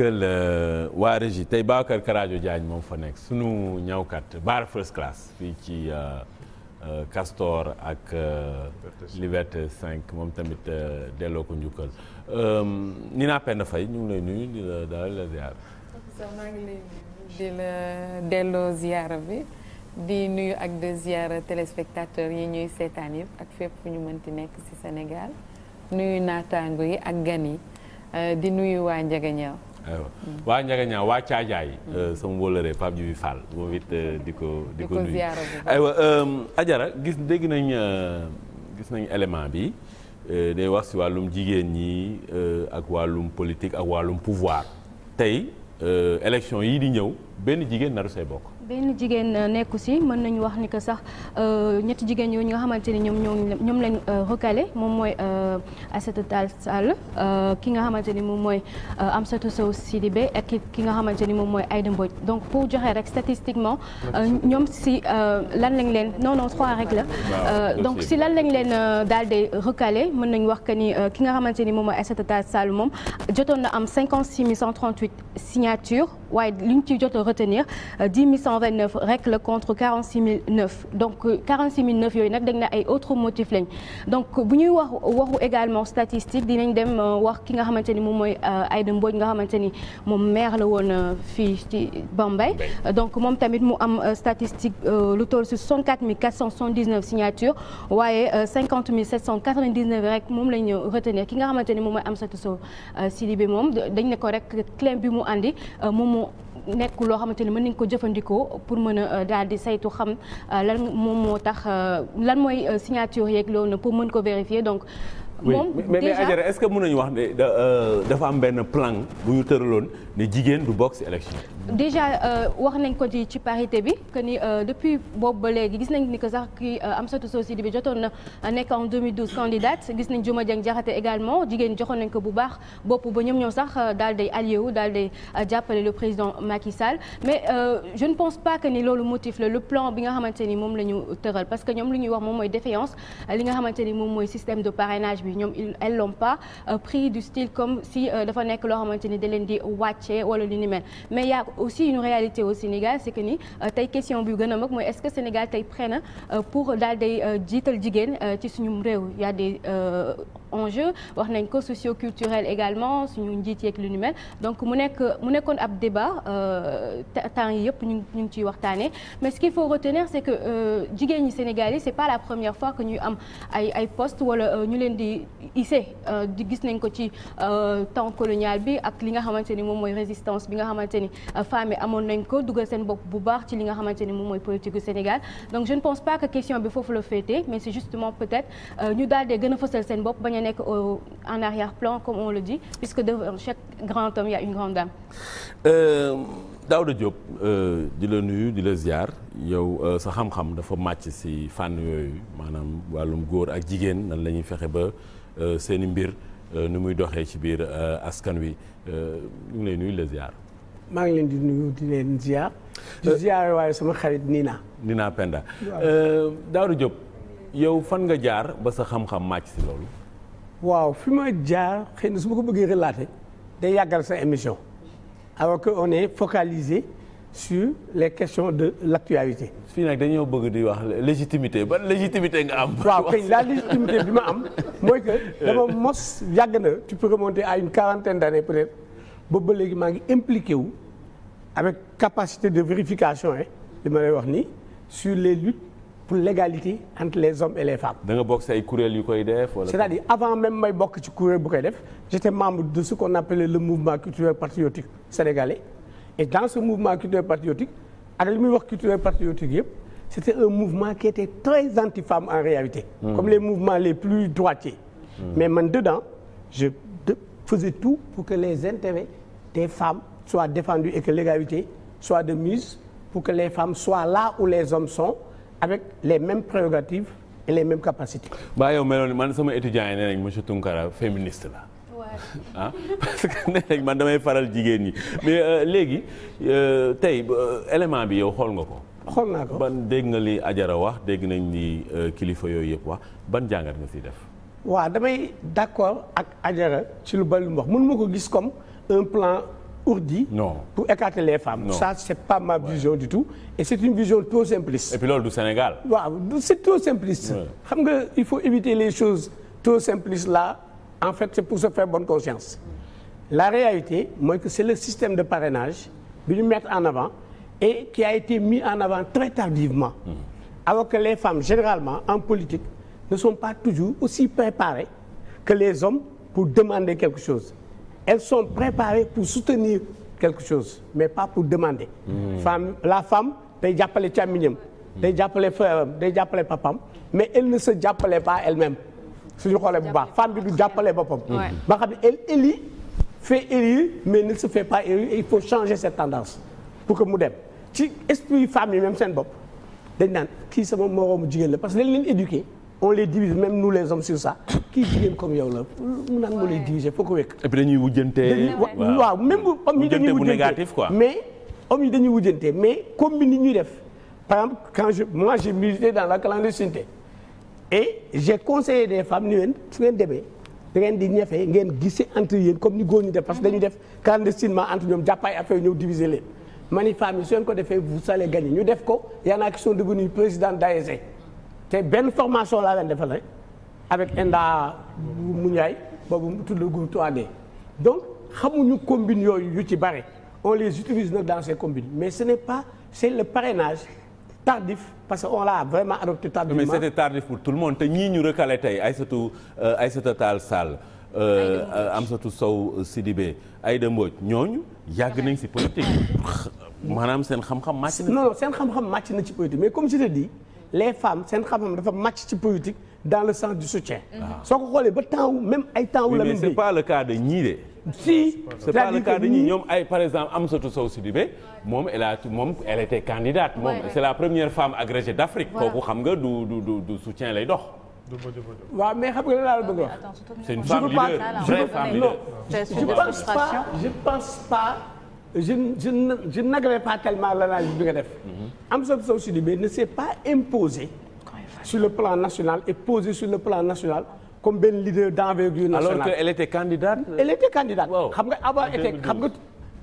que euh, waa régie tey Babacar Karajo Diagne moom fa nekk sunu ñawkat bar first class fii ci euh, euh, Castor ak Liberté cinq moom tamit delloo ko njukkal Nina Penda Faye ñu ngi lay nuyu di la daal la ziar. di nuyu ak de ziar téléspectateurs yi ñuy seetaan yëpp ak fépp fu ñu mënti nekk ci Sénégal nuyu naataango yi ak gan yi di nuyu waa Njagañaaw. aywa waa Ndiaganiao waa Caajaay euh, sama wóolëree Pape Djibi Fall moom it euh, di ko di ko nuyu aywa euh, Ajara gis dégg nañ gis nañ élément bi day wax si wàllum jigéen ñi ak wàllum politique ak wàllum pouvoir tey élection yii di ñëw benn jigéen naru say bokk benn jigéen euh, nekku si mën nañu wax ni que sax euh, ñetti jigéen yooyu ñi nga xamante ni ñoom ñoom lañ euh, recalé moom mooy Aïssata Tall Sall ki nga xamante ni moom mooy Amsatou Sow Sidibé ak ki nga xamante ni moom mooy Aïda Mbodj donc pour joxe rek statistiquement ñoom si lan lañ leen non non trois rek la donc si lan lañ leen daal di recalé mën nañ wax que ni ki nga xamante ni moom mooy Aïssata Tall Sall moom jotoon na am 56 138 signatures waaye li ñu ci jot a retenir 10 129 rek la contre 46 009 donc 46 euh, 009 yooyu nag dañ na ay autres motifs lañ donc bu ñuy wax waxu également statistique dinañ dem euh, wax ki nga xamante ni moom mooy euh, Aïda Mbodj nga xamante ni moom maire la woon fii ci Bambey donc moom tamit mu am statistique lu toll si 64 479 signatures waaye 50 799 rek moom lañ retenir ki nga xamante ni moom mooy Amsatou Sow Sidibé moom dañ ne ko rek claim bi mu andi moom moo nekk loo xamante ni mën nañ ko jëfandikoo pour mën a euh, daal di saytu xam euh, lan moom moo tax euh, lan mooy signature yeeg loolu na pour mën ko vérifier donc moom déjà mais mais Adjara est nañu wax ne euh, dafa am benn plan bu ñu tëraloon ne jigéen du bokk ci déjà euh, wax nañ ko ci ci parité bi que ni euh, depuis boobu ba léegi gis nañ ni que sax kii Amsatou Sow Sidibé jotoon na nekk en 2012 candidate gis nañ Diouma Dieng Diakhaté également jigéen joxoon nañ ko bu baax bopp ba ñoom ñoo sax daal day allié wu daal day jàppale le président Macky Sall mais je ne pense pas que ni loolu motif la le plan bi nga xamante ni moom la mooy ni moom mooy système de parrainage bi. bi ñoom ils l'ont pas euh, pris du style comme si euh, dafa nekk loo xamante ni da leen di wàcce wala lu ni mel mais y a aussi une réalité au Sénégal c'est que ni euh, tey question bi gën a mag mooy est-ce que Sénégal tey prêt na pour daal day jiital jigéen ci suñu réew y a des enjeu wax nañ ko socioculturel également suñu njiit yeeg lu ñu mel donc mu nekk mu nekkoon ab débat euh, temps yi yëpp ñu ñu ngi ciy waxtaanee mais ce qu'il faut retenir c'est que euh, jigéen ñi Sénégal yi c'est pas la première fois que ñuy am ay ay wala euh, ñu leen di hissé di gis nañ ko ci temps colonial bi ak li nga xamante ni moom mooy résistance bi nga xamante ni femmes yi amoon nañ ko dugal seen bopp bu baax ci li nga xamante ni moom mooy politique du Sénégal donc je nekk au en arrière-plan comme on le dit puisque devant chaque grand homme il y a une grande dame. Euh, Daouda euh, di la nuyu di la ziar yow euh, sa xam-xam dafa màcc si fànn yooyu maanaam wàllum góor ak jigéen nan la ñuy fexe ba seeni mbir nu muy doxee ci biir askan wi ñu ngi lay nuyu la ziar. maa ngi leen di nuyu di leen ziar. di ziar waaye sama xarit Nina. Nina Penda Daouda Diop yow fan nga jaar ba sa xam-xam màcc si loolu. waaw fi ma jaar xëy na su ma ko bëggee relater day yàggal sa émission alors que on est focaliser sur les questions de l'actualité. fii nag dañoo bëgg di wax légitimité ban légitimité nga am. waaw kay la légitimité bi ma am mooy que dama mos yàgg na tu peux remonter à une quarantaine d'années peut-être boobu ba léegi maa ngi impliqué wu avec capacité de vérification eh li ma lay wax nii sur les luttes. pour l'égalité entre les hommes et les femmes. da nga bokk say kuréel yu koy def wala. c'est-à-dire avant même may bokk ci kuréel bu koy def j'étais membre de ce qu'on appelait le mouvement culturel patriotique sénégalais et dans ce mouvement culturel patriotique ak li muy wax culturel patriotique yëpp c'était un mouvement qui était très anti-femme en réalité. Mmh. comme les mouvements les plus droitiers. Mmh. mais man dedans je faisais tout pour que les intérêts des femmes soient défendus et que de mise pour les femmes soient là où les hommes sont. avec les mêmes préogatives et les mêmes capacités. ba yow meloon man sama étudiant yi nee nañ monsieur Tunkara féministe la. Ah, parce que nee nañ man damay faral jigéen ñi mais euh, léegi euh, tey euh, élément bi yow xool nga ko. xool naa ko ban dégg nga li Ajara wax dégg nañ li kilifa yooyu yëpp wax ban jàngat nga siy def. waaw damay d'accord ak Ajara ci lu bari lu mu wax mënuma ko gis comme un plan. pour écarter les femmes non. ça c'est pas ma vision ouais. du tout et c'est une vision trop simpliste et puis loolu du Sénégal waaw c'est trop simpliste xam nga il faut éviter les choses trop simplistes là en fait c'est pour se faire bonne conscience la réalité mooy que c'est le système de parrainage bi ñu mettre en avant et qui a été mis en avant très tardivement mmh. alors que les femmes généralement en politique ne sont pas toujours aussi préparées que les hommes pour demander quelque chose elles sont préparées pour soutenir quelque chose mais pas pour demander. Mmh. femme la femme day jàppale càmmiñam. day jàppale frère day jàppale papam mais elle ne se jàppale pas elle su suñu xoolee bu baax femme bi du jàppale boppam. ba xam ne elle fait élire mais ne se fait pas élire il faut changer cette tendance pour que mu dem ci esprit femme yi même seen bopp dañ naan kii sama moroomu jigéen la parce que dañ leen éduquer. on les divise même nous les hommes sur ça kii jigéen comme yow la mu naan moo lay diriger foo ko wekk. et puis dañuy wujjante. waaw même bu hommes yi dañuy wujjante mais hommes yi dañuy wujjante mais combine yi ñuy def par exemple quand je moi j'ai la clandestinité et j'ai conseillé des femmes ni leen su ngeen demee da ngeen di ñefe ngeen gisee entre yéen comme ni góor ñi def parce que dañuy def clandestinement entre ñoom jàppaay affaire ñëw diviser leen. mani femmes su ngeen ko defee vous allez gagner ñu def ko y en a qui sont devenus président d'AEC te benn formation laa leen defal rek avec Enda Mouniaye boobu mu tudd gu 3D donc xamuñu combine yooyu yu ci bare on les utilise nag dans ces combines mais ce n'est pas c'est le parrainage tardif parce que on l'a vraiment adopté tardivement. mais c'était tardif pour tout le monde te ñii ñu recalé tey Aïssatou euh, Aïssata Tall Sall. Euh, euh, Amsatou Sow ay Aïda Mbodj ñooñu yàgg nañ si politique maanaam seen xam-xam màcc na. non non seen xam-xam màcc na ci politique mais comme je te dis. les femmes seen xam-xam dafa match ci politique dans le sens du soutien. Ah. Ah. soo ko xoolee ba temps wu même ay temps wu la. mais c'est pas le cas de ñii de. si c'est pas le cas de ñii ñoom ay par exemple Amsatou Sow Sidibé moom elle a moom elle était candidate moom c'est la première femme agrégée d'Afrique. kooku xam nga du du du du soutien lay dox. waaw mais xam nga a wax. c'est une femme leader, je pense pas je pense pas. je je ne je n'agrée pas tellement l'analyse bi nga def. Mhm. Amsatou Sow Sidibé ne s'est pas imposé. sur le plan national et posé sur le plan national comme benn leader d'envergure nationale. alors que elle était candidate. Euh, elle était candidate. xam nga avant était xam nga.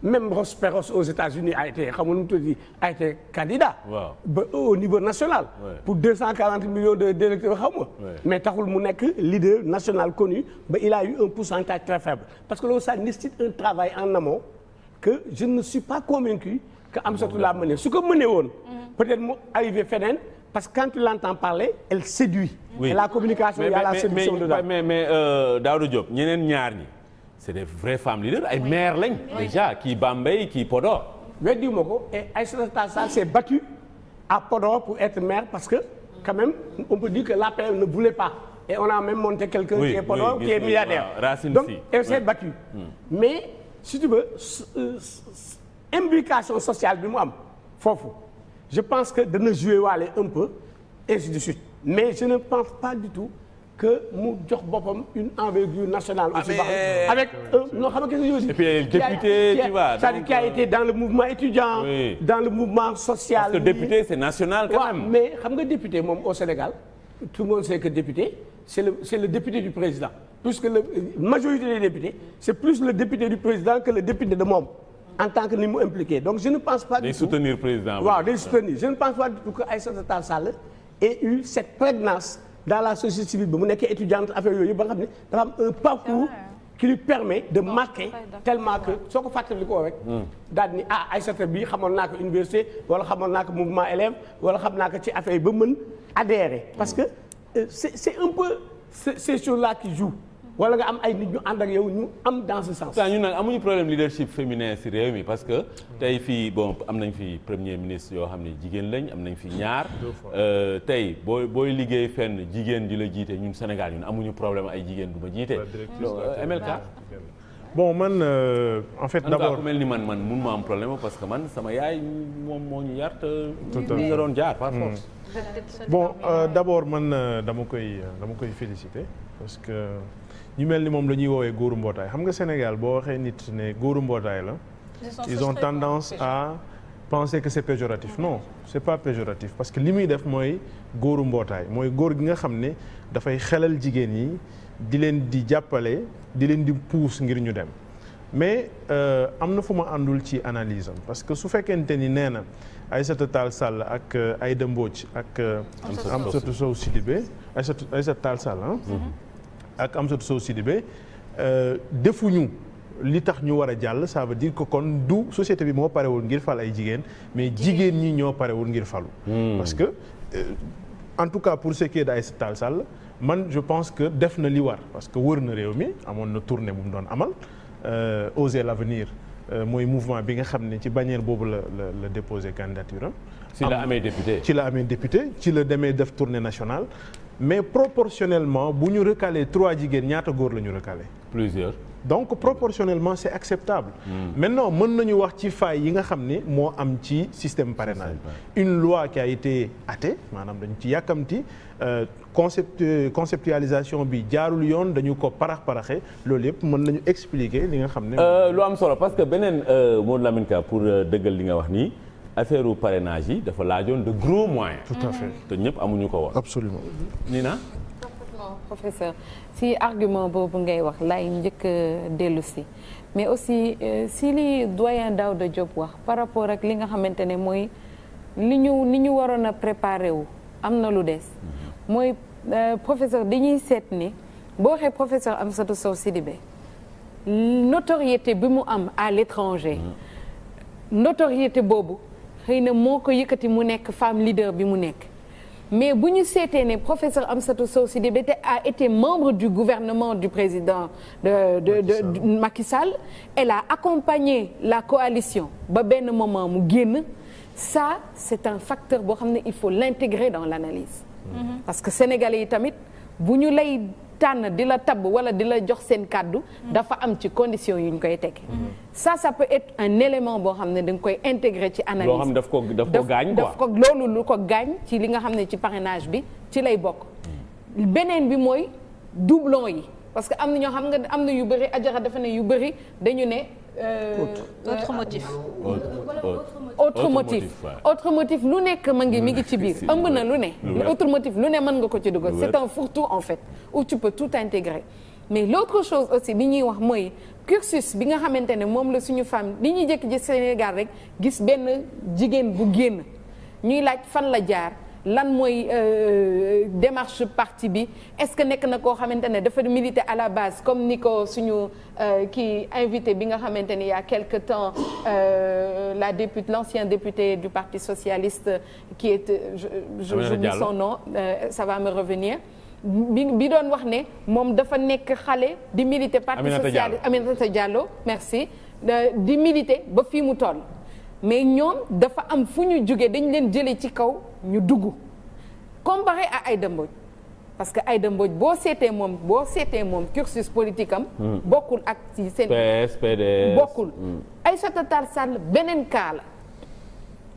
même Ross Perot aux États-Unis a été xam nga nu mu tudd a été candidat. waaw ba au niveau national. Ouais. pour deux cent quarante millions de d'électeurs xam nga. mais taxul mu nekk leader national connu ba il a eu un pourcentage très faible parce que loolu ça nécessite un travail en amont. que je ne suis pas convaincu que Amsatou l'a mené su ko mënee woon. Mhm. peut mu arrivé feneen parce que quand tu l'entends parler elle séduit. oui et communication il la séduction dedans. mais mais mais euh, Daouda Diop ñeneen ñaar ñi c'est des vraies femmes leaders ay maires lañ. déjà kii Bambey kii Podor. weddiwuma ko et Aïssata Tall s'est battue à Podor pour être maire parce que quand même on peut dire que l'APR ne voulait pas. et on a même monté quelqu'un qui est Podor qui est si tu veux euh, implication sociale bi mu am foofu je pense que dana jouer waale un peu ainsi de suite mais je ne pense pas du tout que mu jox boppam une envergure nationale. Ah, aussi ah avec euh, non xam nga qu'est-ce que je veux dire. et puis qui a été dans le mouvement étudiant. Oui. dans le mouvement social. parce député c'est national quand même. mais xam nga député moom au Sénégal tout le monde sait que député le c'est le député du président. puisque la majorité des députés c'est plus le député du président que le député de moom en tant que ni mu impliqué donc je ne pense pas du président je ne pense pas du tout que Aïssata Tall Sall ait eu cette prégnance dans la société civile ba mu étudiante affaire yooyu ba nga xam ne dafa am un parcours qui lui permet de marquer tellement que soo ko fàttali ko rek hmm. ni ah Aïssata bi xamoon naa université wala xamoon naa mouvement wala nga am ay nit ñu ànd ak yow ñu am dans ce sens. ça ñun nag amuñu problème leadership féminin ci réew mi parce que tey fii bon am nañ fi premier ministre yoo xam ne jigéen lañ am nañ fi ñaar. Euh, tey booy booy liggéey fenn jigéen di la jiite ñun Sénégal ñun amuñu problème ay jigéen du ma jiite. Euh, MLK. bon man euh, en fait d'abord mel ni man man mun ma am problème parce que man sama yaay moom moo ñu yar te. ñu nga doon jaar par hmm. force. bon euh, d'abord man euh, dama koy dama koy féliciter parce que. ñu mel ni moom la ñuy woowee góoru mbootaay xam nga Sénégal boo waxee nit ne góoru mbootaay la ils ont tendance à penser que c'est péjoratif non c'est pas péjoratif parce que li muy def mooy góoru mbootaay mooy góor gi nga xam ne dafay xelal jigéen yi di leen di jàppale di leen di puus ngir ñu dem mais euh, am na fu ma àndul ci analyse parce que su fekkente ni nee na Aïssata Tall Sall ak euh, ay da Mbodj ak euh, am Amsatou Sow Sidibé Aïssata Tall Sall ah ak am sa Amsatou Sow Sidibé euh, defuñu li tax ñu war a jàll ça veut ko kon du société bi moo parewul ngir fal ay jigéen mais jigéen ñi ñoo parewul ngir falu hmm. parce que euh, en tout cas pour ce qui est d'Aïssata Tall Sall man je pense que def na li war parce que wër na réew mi amoon na tournée bu mu doon amal euh, Oser l'avenir mooy mouvement bi nga xam ne ci bannière boobu la la la déposé candidature am. ci la amee député ci la amee député ci la demee def tournée nationale. mais proportionnellement bu ñu recaler trois jigéen ñaata góor la ñu recaler. plusieurs. donc proportionnellement c'est acceptable. Mmh. maintenant mën nañu wax ci failles yi nga xam ne moo am ci système parrainage. une loi qui a été hâtée maanaam dañu ci yàkkamti euh, concept euh, conceptualisation bi jaarul yoon dañu ko parax paraxe loolu yëpp mën nañu expliquer li nga xam ne. Euh, lu am solo parce que beneen Maodo Lamine Ka pour dëggal li nga wax nii. affaire parrainage yi dafa laajoon de gros moyens. tout à ñëpp amuñu ko woon. absolument Nina. parfaitement si argument boobu ngay wax laay njëkk dellu si mais aussi euh, si li doyen Daouda Diop wax par rapport ak li nga xamante ne mooy li ñu ni ñu waroon a préparé wu am na lu des. Mhm. mooy euh, professeur dañuy seet ni boo waxee professeur Amsatou Sow Sidibé notoriété bi mu am à l'étranger mhm. notoriété boobu. xëy na moo ko yëkkati mu nekk femme leader bi mu nekk mais bu ñu seetee ne professeur Amsatou Sow Sidibé a été membre du gouvernement du président de de de Macky Sall elle a accompagné la coalition ba benn moment mu génn ça c'est un facteur boo xam ne il faut l'intégrer dans l'analyse mm-hmm. parce que sénégalais yi tamit bu ñu lay tànn di la tabb wala di la jox seen kàddu mm-hmm. dafa am ci condition yu ñu koy teg mm-hmm. ça ça peut être un élément boo xam ne danga koy intégrer ci analyse loo xam daf ko daf ko gaañ quoi daf ko loolu lu ko gaañ ci li nga xam ne ci parrainage bi ci lay bokk mm-hmm. beneen bi mooy doublon yi parce que am na ñoo xam nga am na yu bëri ajara dafa ne yu bëri dañu ne Euh, euh, autre motif. autre motif autre lu nekk ma ngi mi ngi ci biir ëmb na lu ne. autre lu ne mën nga ko ci dugal. c'est un fourre-tout en fait où tu mais l'autre chose aussi li ñuy wax mooy cursus bi nga xamante ne moom la suñu femme li ñuy jëkk ci Sénégal rek gis benn jigéen bu génn ñuy laaj fan la jaar. lan mooy euh, démarche parti bi est-ce que nekk na koo xamante ne dafa militer à la base comme ni ko suñu euh, kii invité bi nga xamante ni y a quelque temps euh, la députée l'ancien député du parti socialiste qui est j'oublie son nom ça va me revenir bi doon wax ne moom dafa nekk xale di militer parti socialiste Aminata Diallo merci di militer ba fii mu toll mais ñoom dafa am fu ñu jóge dañ leen jëlee ci kaw ñu dugg comparé à Aïda Mbodj parce que Aïda Mbodj boo seetee moom boo seetee moom cursus politique am. Hmm. bokkul ak ci seen. PS PDS bokkul. Hmm. Aïssata Tall beneen cas la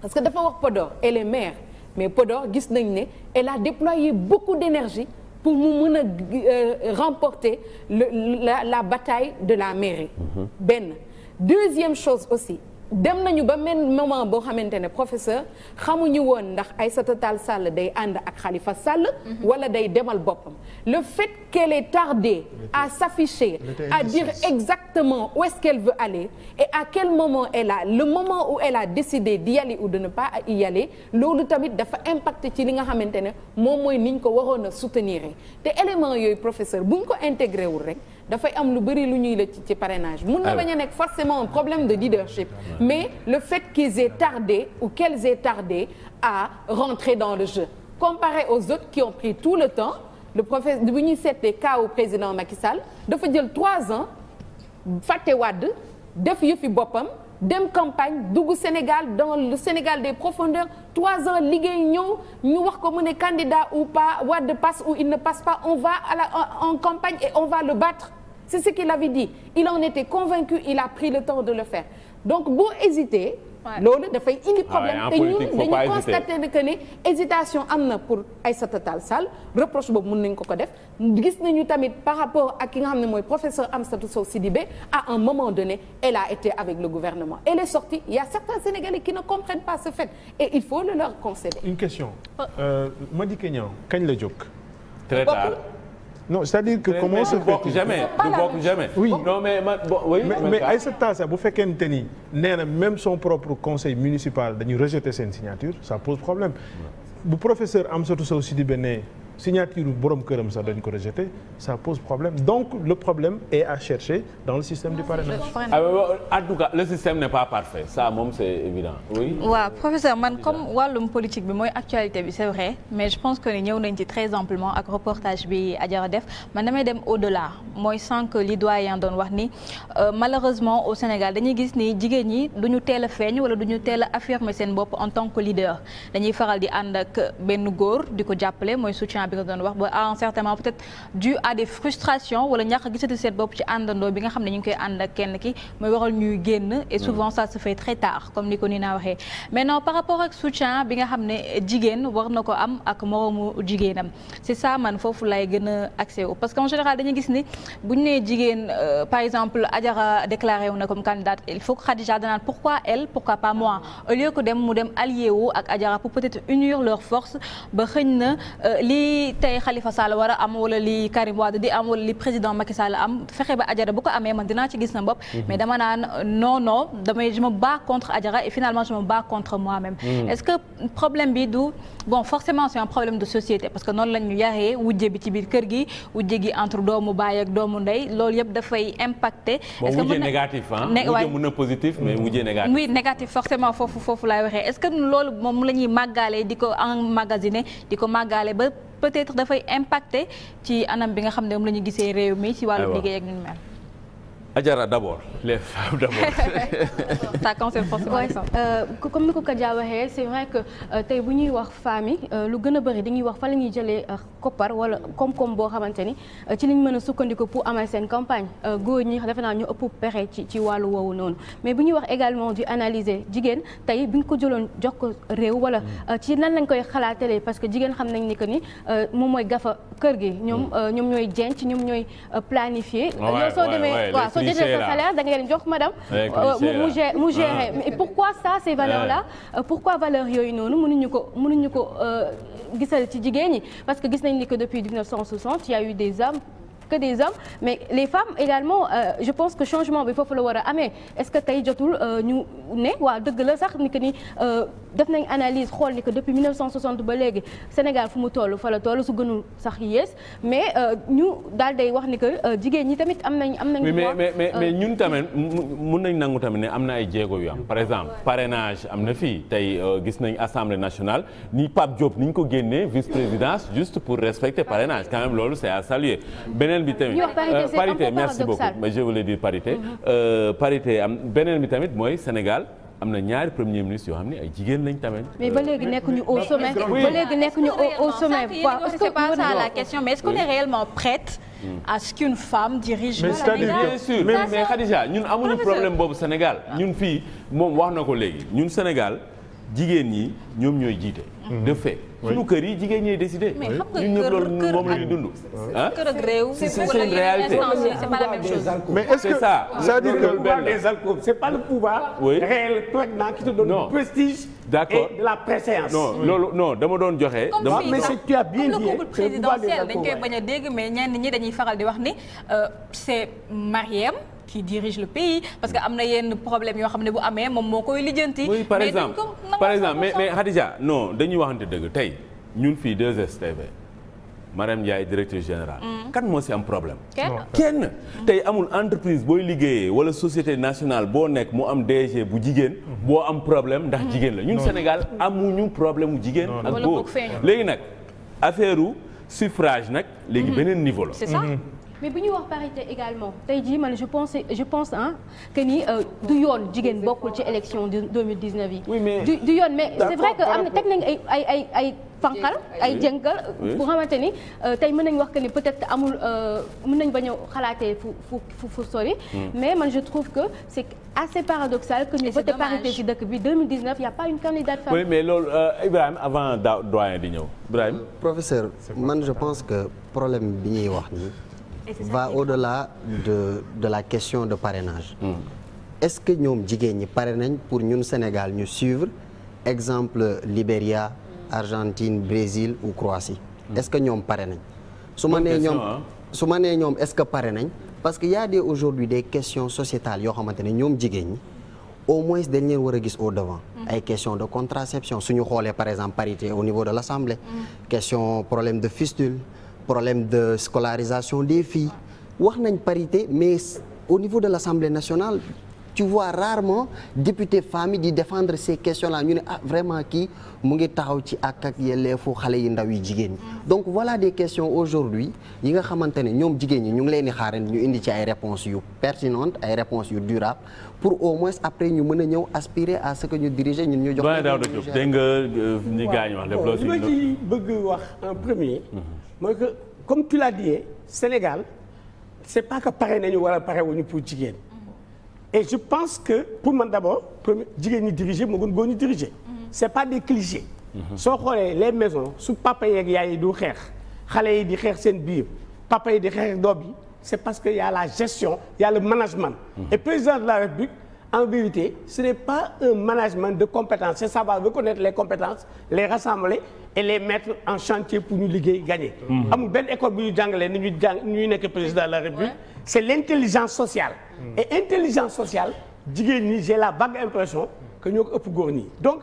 parce que dafa wax Podor elle maire mais Podor gis nañ ne elle a déployé beaucoup d'énergie pour mu mën a euh, remporter le la la bataille de la mairie. Hmm. benn deuxième chose aussi. dem nañu ba men moment boo xamante ne professeur xamuñu woon ndax Aïssata Tall Sall day ànd ak Khalifa Sall. Mhm. wala day demal boppam. le fait qu'elle ait à s'afficher à dire exactement où est-ce qu'elle veut aller et à quel moment elle a le moment où elle a décidé d'y aller ou de ne pas y aller loolu tamit dafa impacté ci li nga xamante ne moom mooy ni ñu ko waroon a soutenir te élément yooyu professeur buñ ko intégré wul rek. dafay am lu bëri lu ñuy la ci parrainage mun na ah bañ nekk forcément un problème de leadership ah mais le fait qu'ils aient tardé ou qu'elles aient tardé à rentrer dans le jeu comparé aux autres qui ont pris tout le temps le professeur bu ñuy seetee cas président Macky Sall dafa jël trois ans fàtte Wade def yëfi boppam dem campagne dugg Sénégal dans le Sénégal des profondeurs trois ans liggéey ñëw ñu wax ko mu ne candidat ou pas Wade passe ou il ne passe pas on va en, en campagne et on va le battre c'est ce qu'il avait dit il en était convaincu il a pris le temps de le faire donc boo hésiter loolu dafay indi problème ah, te ñun dañu constaté ne que ni hésitation am na pour Aïssata Tall Sall reproche boobu mun nañ ko ko def gis nañu tamit par rapport ak ki nga xam ne mooy professeur Amsatou Sow Sidibé à un moment donné elle a été avec le gouvernement elle est sortie il a certains Sénégalais qui ne comprennent pas ce fait et il faut le leur concéder. une question oh. euh, Madické Niang kañ la jóg. très tard non c'est-à-dire que comment se fait du jamais du bokk jamais. oui non mais man bon oui. mais Aïssata Tall Sall bu fekkente ni nee na même son propre conseil municipal dañuy rejeter seen signature ça pose problème bu professeur Amsatou Sow Sidibé ne signature borom këram sax dañ ko rejeté ça pose problème donc le problème est à chercher dans le système du parrainage. Ah, en tout cas le système n'est pas parfait ça moom c'est évident oui. professeur man comme wàllum politique bi mooy actualité bi c'est vrai mais je pense que ni ñëw nañ ci très amplement ak reportage bi Adjara def man damay dem au-delà mooy sànq li doyen doon wax ni euh, malheureusement au Sénégal dañuy gis ni jigéen ñi du ñu teel a feeñ wala a affirmer seen bopp en tant que bi nga doon wax ba à un ah, certain moment peut-être dû a gisati seen mm. xam ne jigéen war na ko am ak moroomu jigéenam c'est ça man foofu lay gën a accès wu euh, par exemple Adjara déclaré wu comme candidate il faut que Khadija danaan pourquoi elle pourquoi pas moi au lieu que dem mu dem allié wu ak Adjara pour peut-être unir leurs forces ba xëñ na euh, lii li tey Khalifa Sall war a am wala li Karim Wade di am wala li président Macky Sall am fexe ba Adjara bu ko amee man dinaa ci gis na bopp. Mhm. mais dama naan non damay je me bats contre Adjara finalement je me bats contre moi-même. Mhm. est-ce que problème bi du bon forcément c'est problème de société parce que noonu lañ ñu wujje bi ci biir kër gi wujje gi entre doomu baay ak doomu ndey loolu yëpp dafay impacter. est-ce que wujje négatif na positif mais peut-être dafay impacte ci anam bi nga xam ne moom la ñu gisee réew mi. ci wàllu liggéey ak ñu mel. Ajara d'abord les femmes d'abord. ça concerne euh, comme ni ko Kadia waxee c'est vrai que euh, tey bu ñuy wax femmes yi euh, lu gën a bëri dañuy wax fa la ñuy jëlee koppar wala koom-koom boo xamante ni ci liñ mën a sukkandiku pour amal seen campagne góor ñi defe naa ñu ëpp pexe ci ci wàllu woowu noonu mais bu ñuy wax également di analyser jigéen tey bi ñu ko jëloon jox ko réew wala mm. ci nan lañ koy xalaatalee parce que jigéen xam nañ ni que ni moom mooy gafa kër gi. ñoom mm. ñoom ñooy jenc ñoom ñooy planifier. dégré sa salaire da nga leen jox madame euh, mu géré ah. mais pourquoi ça ces valeurs là euh, pourquoi valeurs yooyu noonu mënuñu ko mënuñu ko euh, gisal ci jigéen ñi parce que gis nañ ni que depuis 1960 il y a eu des hommes que des hommes mais les femmes également euh, je pense que changement bi foofu la war a amee est-ce que tey jotul euh, ñu ne waaw dëgg la sax ni que ni euh, def nañ analyse xool ni que depuis 1960 ba léegi Sénégal fu mu toll fa la toll su gënul sax yées mais ñu daal day wax ni que jigéen ñi tamit am nañ am nañ mais mais mais ñun tamit mun nañ nangu tamit ne am na ay jéego yu par exemple parrainage am na fii tey gis nañ assemblée nationale ni Pape Diop ni ñu ko génnee vice présidence juste pour respecter parrainage quand même loolu c'est à beneen bi tamit parité merci beaucoup mais je voulais dire parité mm-hmm. euh, parité am beneen bi tamit mooy Sénégal am na ñaari premier ministre yoo xam ne ay jigéen lañ tamit. mais ba léegi euh, nekk ñu au sommet ba léegi nekk ñu au sommet quoi est-ce que c'est pas ça réellement prête mm. à ce qu'une femme dirige le Sénégal bien sûr mais Khadija ñun amuñu problème boobu Sénégal ñun fii moom wax na ko léegi ñun Sénégal jigéen ñi ñoom ñooy jiite mm-hmm. de fait suñu kër yi jigéen ñi décidé. mais xam nga ñun ñëpp loolu moom la ñuy dund. Ah ah? kër ak réew. c'est une réalité c'est pas la même chose. mais est c'est-à-dire que le pouvoir des alcools c'est pas loolu non dama doon joxe. dama mais c'est tu as bien comme le couple présidentiel dañ koy bañ a dégg mais ni ñi dañuy faral di wax ni euh, c'est Mariam. qui dirige le pays parce que am na yenn problème yoo xam ne bu amee moom moo koy lijjanti. oui par exemple par exemple mais mais Khadija non dañuy waxante dëgg tey ñun fii 2STV Marème Ndiaye directeur générale. Mm. kan moo si am problème. kenn mm. tey amul entreprise booy liggéeyee wala société nationale boo nekk mu am DG bu jigéen. Mm-hmm. boo am problème ndax mm-hmm. jigéen la ñun Sénégal amuñu problème bu jigéen. ak góor léegi nag affaire suffrage nag. léegi mm-hmm. beneen niveau la. mais bu ñuy wax parité également tey jii man je pense pense que ni euh, yoon jigéen bokkul ci élection deux mille dix neuf yi. du du yoon mais c'est vrai que am na teg nañ ay ay ay fanqal ay jënkal bu xamante ni euh, tey mën nañ wax que ni peut-être amul euh, mën nañ bañ a xalaatee fu fu fu sori hmm. mais je trouve que c'est assez paradoxal que ñu voté parité ci dëkk bi 2019 il y a pas une candidate femme oui mais avant doyen di ñëw professeur man je pense que problème bi ñuy wax nii va au-delà de de la question de parrainage. Hmm. est-ce que ñoom jigéen ñi pare nañ pour ñun Sénégal ñu suivre exemple Libéria hmm. Argentine Brésil ou Croatie. Hmm. est-ce que ñoom pare nañ. su ma nee ñoom su ma nee ñoom est-ce que pare nañ. parce que y a des aujourd'hui des questions sociétales yoo xamante ne ñoom jigéen ñi au moins dañ leen war a gis au devant. ay questions de contraception su ñu xoolee par exemple parité au niveau de l'Assemblée. question problème de fistule. problème de scolarisation des fii wax nañ parité mais au niveau de l'Assemblée nationale tu vois rarement député femmes yi di défendre ces questions là ñu ne ah vraiment kii mu ngi taxaw ci ak ak yelleefu xale yi ndaw yi jigéen ñi donc voilà des questions aujourd'hui yi nga xamante ne ñoom jigéen ñi ñu ngi leen di xaaran ñu indi ci ay réponses yu pertinentes ay réponses yu durables pour au moins après ñu mën a ñëw aspirer à ce que ñu diriger ñun ñu jox dégg nga ñi euh, gaañ wax mooy que comme tu l'as dit Sénégal c'est pas que pare ñu wala pare wuñu pour jigéen mm-hmm. et je pense que pour man d'abord premier jigéen ñu diriger moo gën góor ñi diriger mm-hmm. c'est pas des clichés mm-hmm. soo xoolee les maisons su papa yeeg yaay yi du xeex xale yi di xeex seen biir papa yi di xeex doom yi c'est parce que y la gestion y a le management et président de la République en vérité ce n'est pas un management de compétences c'est savoir reconnaître les compétences les rassembler et les mettre en chantier pour ñu liggéey gagner mm-hmm. amul benn école bu ñu jàngalee ni ñu jàng ñuy nekk président de la République c' est l' intelligence sociale mm-hmm. et intelligence sociale jigéen ñi j'ai la vague impression que ñoo ko ëpp góor ñi donc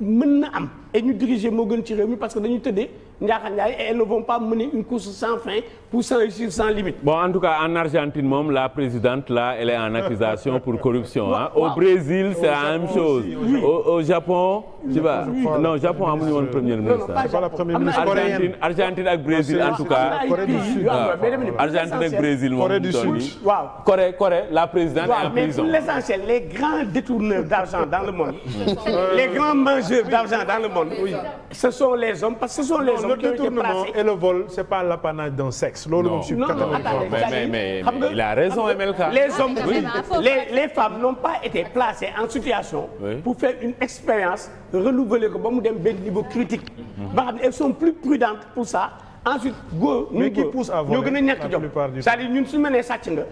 mën na am et ñu diriger moo gën ci réew parce que dañu tëddee njaaxanjaay et elles ne vont pas mener une course sans fin pour s'enrichir sans limite. bon en tout cas en Argentine moom la présidente là elle est en accusation pour corruption au Brésil c'est la même chose. au Japon. tu vois non Argentine Argentine Argentine ak Brésil moom mu toll la présidente est en l'essentiel les grands détourneurs d'argent dans le monde. Euh, les grands mangeurs d'argent dans le monde. ce sont les hommes parce ce sont les hommes. le détournement et le vol c'est pas l'apanage d'un sexe. loolu moom je suis catégorique. mais il a raison MLK. les hommes les les femmes n'ont pas été placées en situation. pour faire une expérience renouveler ko ba mu dem benn niveau critique. Mhm. ba xam ne elles sont plus prudentes pour ça ensuite góor. mais qui pousse à voler la plupart du temps ñun suñu mënee sàcc nga.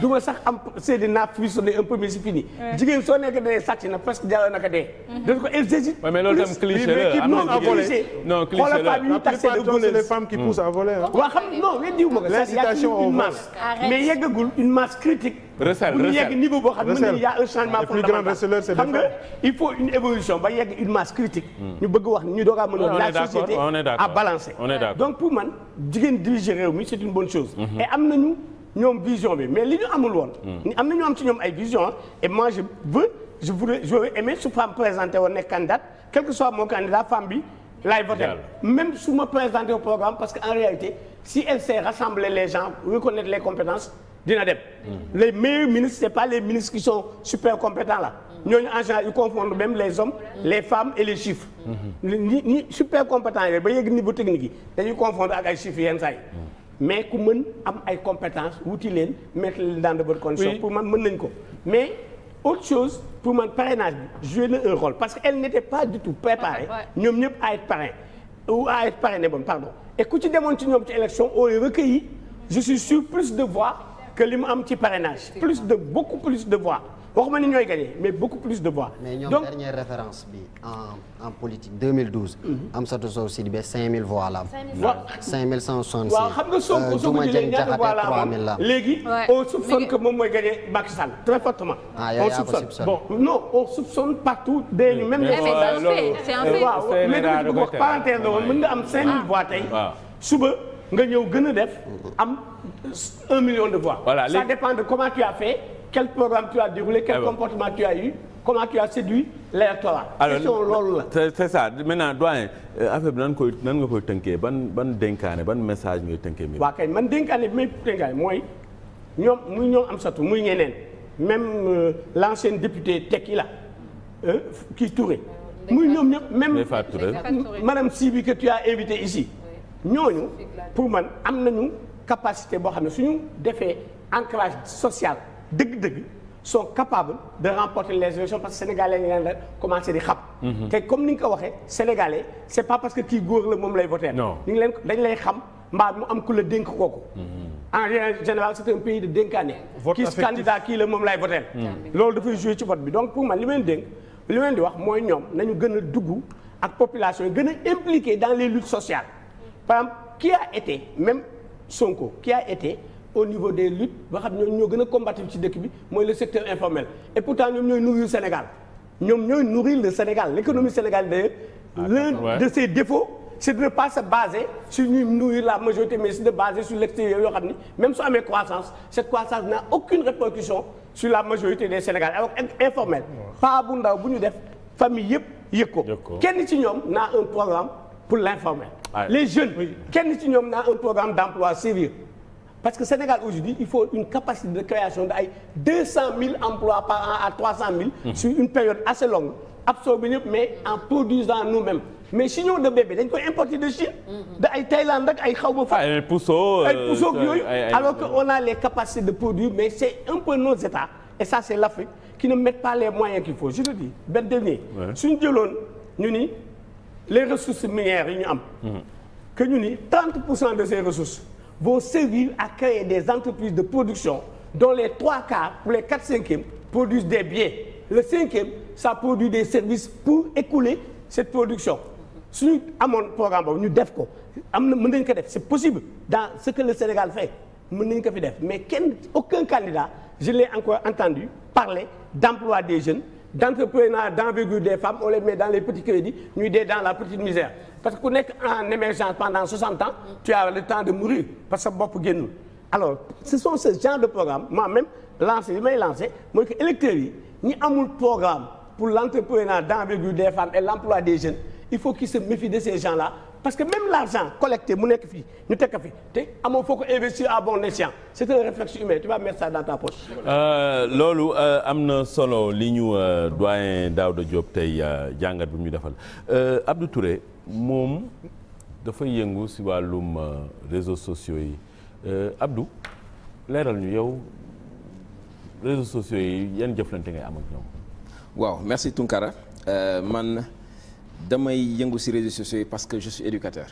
du ma sax am seedi naa fusionné un peu mais c'est fini. jigéen soo nekk dee sàcc na parce que jàll na ko dee. Mhm. dañ ko exégé. mais loolu na cliché non cliché la xoolal ñu taxé de voler les femmes qui hmm. poussent à voler waaw xam non weddiwu ma ko. l'incitation au vol mais yeggagul une masse critique. recel recel il faut une évolution ba yegg une masse critique. Hmm. ñu bëgg wax ñu doog a mën a société à balancer. donc pour man jigéen diriger réew mi c'est une bonne chose. Hmm. et am nañu ñoom vision bi mais li ñu amul woon. Hmm. ni am na ñu ay vision et moi je veux je voudrais je veux aimer su femme présenté woon nekk candidate quel que soit mon candidat bi. laay voté même su ma présenté au programme parce que en réalité si elle sait rassembler les gens reconnaître les compétences dina dem. Hmm. les meilleurs ministres c'est pas les ministres qui sont super compétents là. Hmm. ñooñu en général ils confondent même les hommes les femmes et les chiffres. ñi ñi super compétents yooyu ba yegg niveau technique yi dañuy confondre ak ay chiffres mais ku mën am ay compétence wuti leen mettre leen dans de bonnes conditions. pour man mën nañ ko mais. autre chose pour man parrainage bi joué na parce que elle n'était pas du tout préparée ñoom ñëpp à être parrain ou à être parrainé bon pardon et ku ci demoon ci ñoom ci élection aurait recueilli je suis sûr plus de voix que li mu am ci parrainage plus de beaucoup plus de voix waxuma ni ñooy gagné mais beaucoup plus de voix. mais ñoom dernière référence bi en en politique 2012. Mhm. Amsatou Sow Sidibé 5000 voix la am. 5166 waaw xam nga Sonko euh, soo ko jëlee ñaata voix la am léegi. on soupçonne que moom mooy gagné Macky Sall très fortement. ah yow yaa bon non on soupçonne partout des même. mais euh, c'est nga am 5000 ah. tey. suba nga ñëw gën a def mm-hmm. am 1 million de voix. ça dépend de comment tu as fait. quel programme tu as déroulé quel ah comportement tu as eu comment tu séduit l'électorat question loolu la c'est ça maintenant doyen euh, affaire bi nan koy nan nga koy tënkee ban ban dénkaane ban message ngay tënkee mi waaw kay man dénkaane bi may dénkaane mooy ñoom muy ñoom am satu muy ñeneen même euh, l'ancien député Tekki la euh, kii Touré muy ñoom ñëpp même madame Sibi que tu as invité ici ñooñu pour man am nañu capacité boo xam ne suñu defee ancrage social dëgg-dëgg sont capable de remporter les élections parce que sénégalais commencé di xam. Mhm. te comme ni nga ko waxee sénégalais c' est parce que kii góor la moom lay voté. non ñu leen dañ lay xam mbaa mu am ku la dénk kooku. Mhm. en général c' est un pays de moom lay voté. Mhm. Mmh. loolu dafay joué ci vote bi donc pour ma leen dénk di wax mooy ñoom nañu gën a dugg ak population yi gën a impliqué dans les luttes sociales par exemple été même Sonko ki a été. au niveau des luttes ba xam ñoom ñoo gën a combattre ci dëkk bi mooy le secteur informel et pourtant ñoom ñooy nourrir Sénégal ñoom ñooy nourrir le Sénégal l'économie sénégalaise d'ailleurs ah, l'un de ses défauts c'est de ne pas se baser sur ñuy nourrir la majorité mais de baser sur l'extérieur yoo xam ni même su amee croissance cette croissance n'a aucune répercussion sur la majorité des Sénégalais alors informel pas bu ndaw bu ñu def famille yëpp yëg ko kenn ci ñoom naa un programme pour l'informel les jeunes kenn ci ñoom naa un programme d'emploi parce que Sénégal aujourd'hui il faut une capacité de création de ay deux cent mille emplois par an à trois cent mille mhm. sur une période assez longue absorber ñëpp mais en produisant nous-mêmes mais chignon de bébé dañ koy importé de Chine. Mhm. da ay Thaïlande ak ay xaw ma fa. Ah, ay puso euh, ay puso yooyu. alors que on a les capacités de produit mais c'est un peu nos états et ça c'est l'Afrique qui ne mettent pas les moyens qu'il faut je te dis benn dernier. suñu jëloon ñu ni les ressources minières yi ñu am. Mhm. que ñu ni 30 de ces ressources. vont servir à créer des entreprises de production dont les trois quarts ou les quatre cinquièmes produisent des biens le cinquième ça produit des services pour écouler cette production suñu amoon programme boobu ñu def ko am na mën nañ ko def c'est possible dans ce que le Sénégal fait mën nañ ko fi def mais kenn aucun candidat je l'ai encore entendu parler demplois des jeunes d'entrepreneurs d'envergure des femmes on les met dans les petits crédits ñuy dee dans la petite misère parce que ku nekk en émergence pendant 60 ans tu as le temps de mourir parce que bopp génnul alors ce sont ce genre de programme moi-même lancé li may lancé mooy que électeurs yi ñi amul programme pour l'entrepreneur d'envergure des femmes et l'emploi des jeunes il faut qu'ils se méfient de ces gens-là parce que même l'argent collecté mu nekk fii ñu tekk fi te amoo foo ko investir à bon escient c'est un réflexe humain tu vas mettre ça dans euh, loolu euh, am na solo li ñu euh, doyen Daouda Diop tey jàngat bi mu ñu defal Abdou Touré moom dafa yëngu si wàllum réseaux sociaux yi Abdou leeral ñu yow réseaux sociaux yi yan jëflante ngay am ñoom. waaw merci Tunkara damay yëngu ci réseaux sociaux parce que je suis éducateur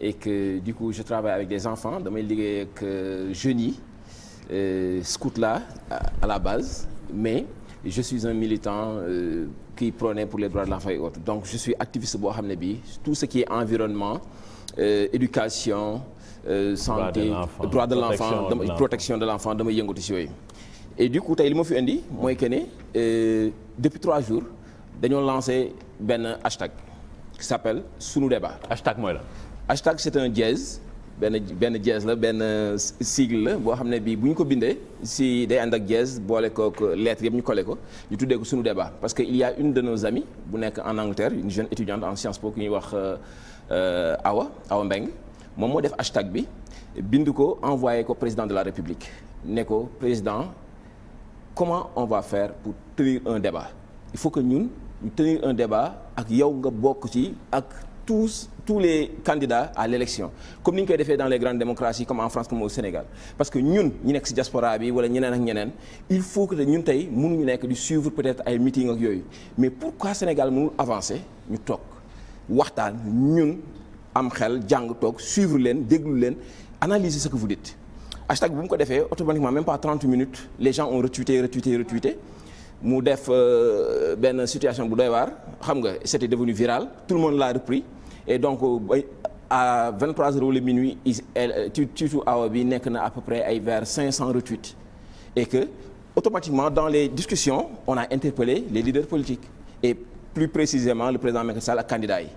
et que du coup je travaille avec des enfants damay liggéey ak euh, jeunes yi euh, scout à la base mais je suis un militant euh, qui prône pour les droits de l'enfant et autres donc je suis activiste boo xam ne bii tout ce qui est environnement euh, éducation euh, santé droit de l'enfant protection de l'enfant damay yëngatu ci yooyu et du coup tey li ma fi indi mooy que ne euh, depuis trois jours dañoo lancé benn hashtag qui s'appelle sunu débat. hashtag la. hashtag c'est un dièse benn benn dièse la benn sigle la boo xam ne bii bu ñu ko bindee si day ànd ak dièse boole kook lettres yëpp ñu kole ko ñu tuddee ko sunu débat parce que il y une de nos amies bu nekk en Angleterre une jeune étudiante en Sciences Po ku ñuy wax euh, Awa Awa Mbeng moom moo def hashtag bi bind ko envoyé ko président de la République ne ko président comment on va faire pour tenir un débat il faut que ñun ñu tenir un débat ak yow nga bokk ci ak tous tous les candidats à l'élection comme ni ñu koy defee dans les grandes démocraties comme en France comme au Sénégal parce que ñun ñu nekk ci diaspora bi wala ñeneen ak ñeneen il faut que ñun tey mënuñu nekk di suivre peut-être ay meeting ak yooyu mais pourquoi Sénégal mënul avancer ñu toog waxtaan ñun am xel jàng toog suivre leen déglu leen analyser ce que vous dites hashtag mu ko defee automatiquement même pas 30 minutes les gens ont retweeté mu def euh, benn situation bu doy waar xam nga c'était devenu viral tout le monde l'a repris et donc euh, à 23 heures wala minuit euh, tu tutu awa bi nekk na à peu près ay vers 500 et que automatiquement dans les discussions on a interpellé les leaders politiques et plus précisément le président Macky Sall ak candidat yi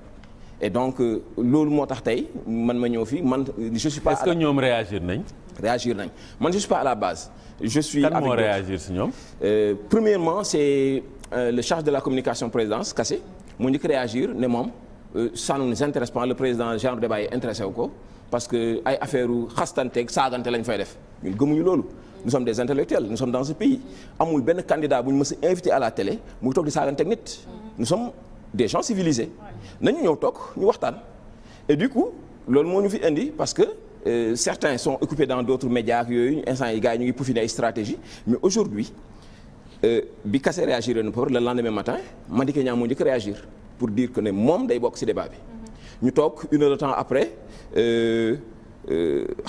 et donc loolu moo tax tey man ma ñëw fii man je suis pas est que ñoom réagir nañ réagir nañ man je suis pas à la base je suis Quand avec euh, c'est euh, le chargé de la communication présidence Kassé mu njëkk réagir ne moom euh, ça ne nous intéresse pas le président genre débat yi intéressé wu ko parce que ay affaire u xastanteeg saagante lañu fay def ñun gëmuñu loolu nous sommes des intellectuels nous sommes dans ce pays amul benn candidat bu ñu mës a invité à la télé muy toog di saagante nit nous sommes des gens civilisés nañu ñëw toog ñu waxtaan et du coup loolu moo ñu fi indi parce que Euh, certains sont occupés dans d'autres médias ak yooyu instant yi gars yi ñu ngi peaufiner ay stratégie mais aujourd'hui euh, bi kase réagir na pour le lendemain matin Madické Niang moo njëkk réagir pour diir que ne moom day bokk ci débat bi ñu toog une heure de temps après euh,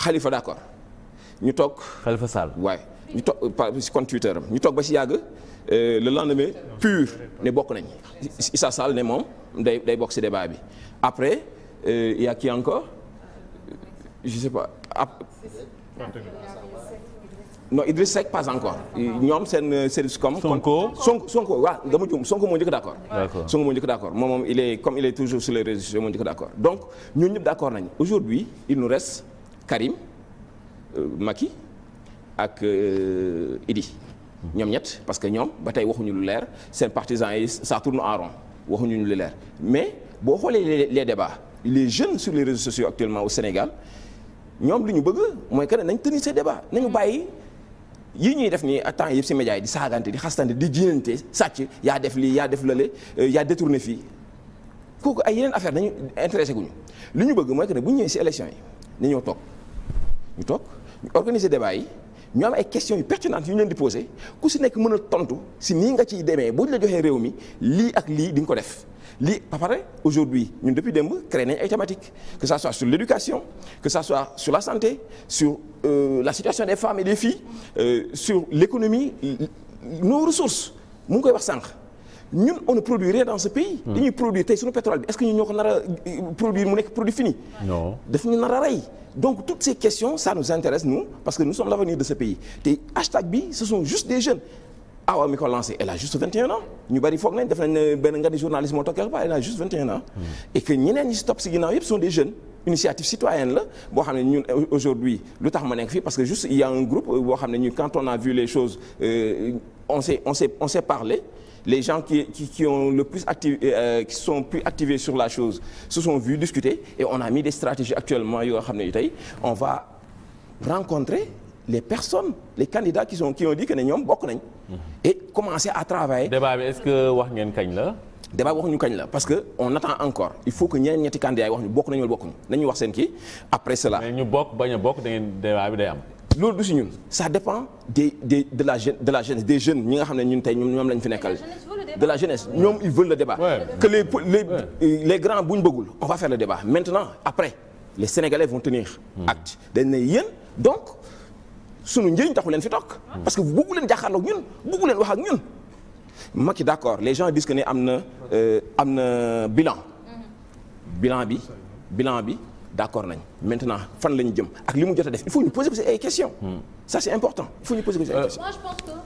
Khalifa d'accord ñu toog Khalifa Sall ñu toog par ci Twitter am ñu toog ba ci yàgg le lendemain pur ne bokk nañ Issa Sall ne moom day day bokk ci débat bi après il y encore je sais pas ab. non Idriss Seck pas encore ah, ñoom seen euh, service comme Sonko Sonko Sonko waaw dama juum Sonko moo njëkk d'accord Sonko moo njëkk d'accord moom moom il est comme il est toujours sur les réseaux sociaux moo njëkk d'accord donc ñun ñëpp d'accord nañu aujourd'hui il nous reste Karim euh, ak euh, Idi ñoom ñett parce que ñoom ba tey waxuñu lu leer seen partisans yi ça tourne en rond waxuñu lu leer mais boo xoolee les débats les jeunes sur les réseaux sociaux actuellement au Sénégal ñoom li ñu bëgg mooy que ne nañ tenir ce débat nañu mm. bàyyi yi ñuy def nii temps yëpp si média yi di saagante di xastante di jiinante sàcc yaa def lii yaa def lale euh, yaa détourné fii kooku ay yeneen affaire dañu intéressé guñu li ñu bëgg mooy que ne bu ñu ñëwee si élection yi ni ñoo ñu toog ñu organiser débat yi ay question yu pertinentes yu ñu leen di posé ku si nekk mën a tontu si nii nga ciy demee boo ñu la joxee réew mi lii ak lii di nga ko def li ba pare aujourd'hui ñun depuis démb créé nañ ay thématiques que ça soit sur l'éducation que ça soit sur la santé sur euh, la situation des femmes et des filles euh, sur l'économie nos ressources mu ngi koy wax sànq ñun on ne produit rien dans ce pays. Hmm. dañuy produire tey suñu pétrole bi est-ce que ñun ñoo ko nar euh, mu nekk produit fini. non daf ñu nar a rey. donc toutes ces questions ça nous intéresse nous parce que nous sommes l'avenir de ce pays te hashtag bi ce sont juste des jeunes. Ah, Awa mi ko lancé elle a juste 21 ans ñu bari foog nañ def nañ ne benn nga di journaliste moo toog quelque elle a juste 21 ans. et que ñeneen ñi si topp si sont des jeunes. initiative citoyenne la boo xam ne ñun aujourd'hui lu tax ma nekk fii parce que juste il y a un groupe boo xam ne ñun on a vu les choses euh, on s'est on on qui le plus actif euh, euh, qui sont plus activés sur la chose se sont vus discuter et on a mis des stratégies actuellement yoo xam ne tey on va rencontrer. les personnes les candidats qui sont qui ont dit que ne ñoom bokk nañ. Mhm. et commencer à travailler. débat bi est-ce que wax ngeen kañ la. débat bi waxuñu kañ la parce que on attend encore il faut que ñeneen ñetti candidats yi wax ñu bokk nañu wala bokkuñu nañu wax seen kii après cela. ñu bokk bañ a bokk da ngeen débat bi am. loolu du si ñun ça dépend de la de la jeunesse des jeunes ñi nga xam ne ñun tey ñoom lañu fi nekkal. de la jeunesse ñoom ils veulent le débat. Ouais. que les ñu bëggul on va faire le débat après les sénégalais vont sunu njëriñ taxu leen fi toog. parce que bëggu leen jàkkaarloog ñun bëggu leen wax ak ñun. Macky d'accord les gens disent que ne am na euh, am na bilan. bilan bi bilan bi d'accord nañ maintenant fan la ñu jëm ak li mu jot a def il faut ñu poser ay question hmm. ça c'est important il faut ñu poser ay euh, questions. moi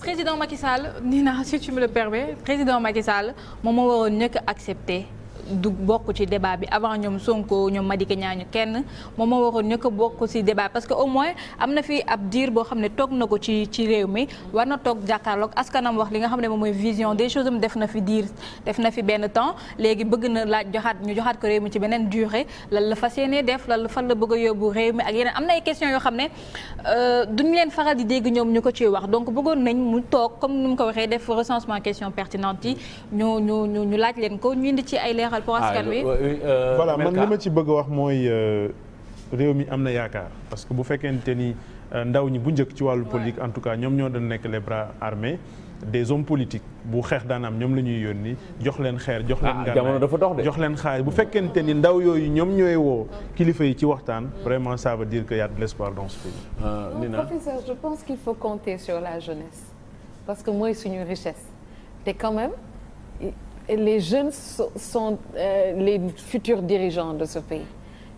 président Macky Sall naa si tu me le permets président Macky Sall moom moo waroon accepter. du bokk ci débat bi avant ñoom Sonko ñoom Madické ñaañu kenn moom moo waxoon ñu ko bokk ci débat parce que au moins am na fi ab diir boo xam ne toog na ko ci ci réew mi war na toog jàkkaarloog askanam wax li nga xam ne moom mooy vision des choses def na fi diir def na fi benn temps léegi bëgg na laaj joxaat ñu joxaat ko réew ci beneen durée lan la fas yéenee def lan la fan la bëgg a yóbbu réew mi ak yeneen am na ay questions yoo xam ne euh, duñ leen faral di dégg ñoom ñu ko ciy wax donc bëggoon nañ mu toog comme nu mu ko waxee def recensement question pertinente yi ñu ñu ñu laaj leen ko ñu indi ci ay leeral jaaxal pour askan ah, wi euh, euh, voilà man li ma ci bëgg a wax mooy euh, réew mi am na yaakaar parce que bu fekkente ni ndaw ñi bu njëkk ci wàllu politique en tout cas ñoom ñoo doon nekk les bras armés des hommes politiques bu xeex daan am ñoom la ñuy ni jox leen xeer jox leen ah, gànnaay dafa dox de jox leen xaalis bu fekkente ni ndaw yooyu ñoom ñooy woo kilifa yi ci waxtaan mm. vraiment saaba veut dire que y a de l'espoir dans ce pays. Ah, la jeunesse parce que mooy suñu richesse te quand même les jeunes sont, sont euh, les futurs dirigeants de ce pays.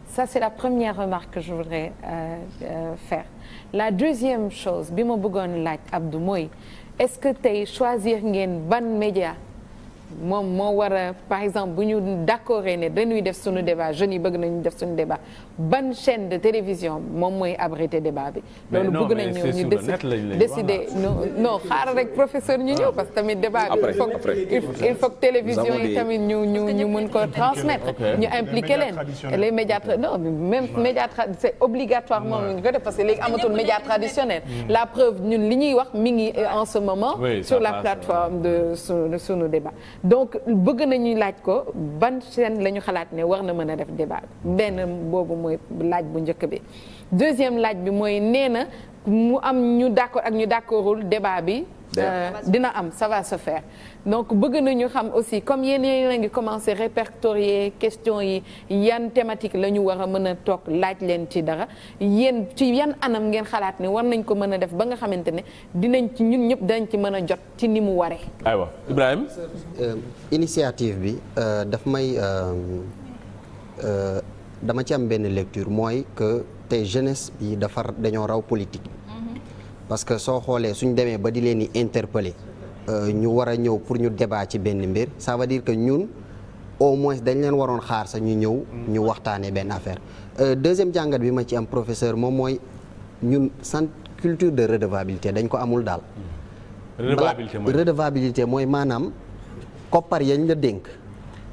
Ça, c'est la première remarque que je voudrais euh, euh, faire. La deuxième chose, bi ma bëggoon laaj Abdou mooy est-ce que tey choisir ngeen ban média moom moo war a par exemple bu ñu d'accord ne dañuy def suñu débat jeunes yi bëgg nañu def suñu débat ban chaîne de télévision moom mooy abrité débat bi. bëgg nañ ñu décider non non xaaral rek professeur ñu ñëw parce que tamit débat bi il faut il ñu ñu ñu mën ko transmettre ñu impliqué leen les médias non même médias c'est obligatoirement ñu ko def parce que léegi amatul médias traditionnels mm. la preuve ñun li ñuy wax mi ngi euh, en ce moment sur la plateforme de suñu débat donc bëgg nañu laaj ko ban chaîne la ñu xalaat ne war na mën a def débat benn boobu mooy laaj bu njëkk bi deuxième laaj bi mooy nee na mu am ñu d'accord ak ñu d'accordul débat bi. Euh, dina am ça va se donc bëgg nañu xam aussi comme yéen yéen la ngi commencé répertorier question yi yan thématique la ñu war a mën a toog laaj leen ci dara yéen ci yan anam ngeen xalaat ne war nañ ko mën a def ba nga xamante ne dinañ ci ñun ñëpp dañ ci mën a jot ci ni mu waree. aywa Ibrahima. Euh, initiative bi euh, daf may euh, dama ci am benn lecture mooy que te jeunesse bi dafa dañoo raw politique. Mhm. parce que soo xoolee suñ demee ba di leen di interpeller. Euh, ñu war a ñëw pour ñu débat ci benn mbir ça dire que ñun au moins dañ leen waroon xaar sax ñu ñëw ñu waxtaanee benn affaire euh, deuxième jàngat bi ma ci am professeur moom mooy ñun sant culture de redevabilité dañ ko amul daal redevabilité mooy maanaam koppar yañ la dénk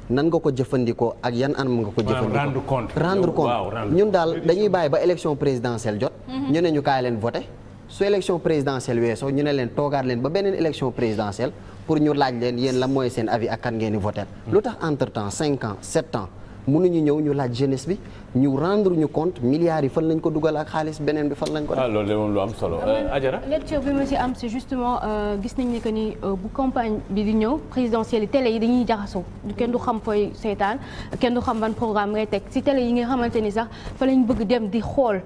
nan nga ko jëfandikoo ak yan anam nga ko jëfandikoo rendre compte rendre ñun daal dañuy bàyyi ba élection présidentielle jot mhm. ñu ne ñu kaay leen voté su élection présidentielle weesoo ñu ne leen toogaat leen ba beneen élection présidentielle pour ñu laaj leen yéen la mooy seen avis ak kan ngeen di voter lu tax entre temps cinq ans sept nu ñu ñëw ñu laaj jeunesse bi ñu rendre ñu compte milliards yi fan lañ ko dugal ak xaalis beneen bi fan lañ ko def. ah loolu moom euh, bi ma ci am c'est justement euh, gis nañ ni que ni euh, bu campagne bi di présidentielle télé yi dañuy jaxasoo kenn du xam fooy seetaan kenn du xam ban programme ngay teg si télé yi nga xamante ni sax fa lañ bëgg dem di xool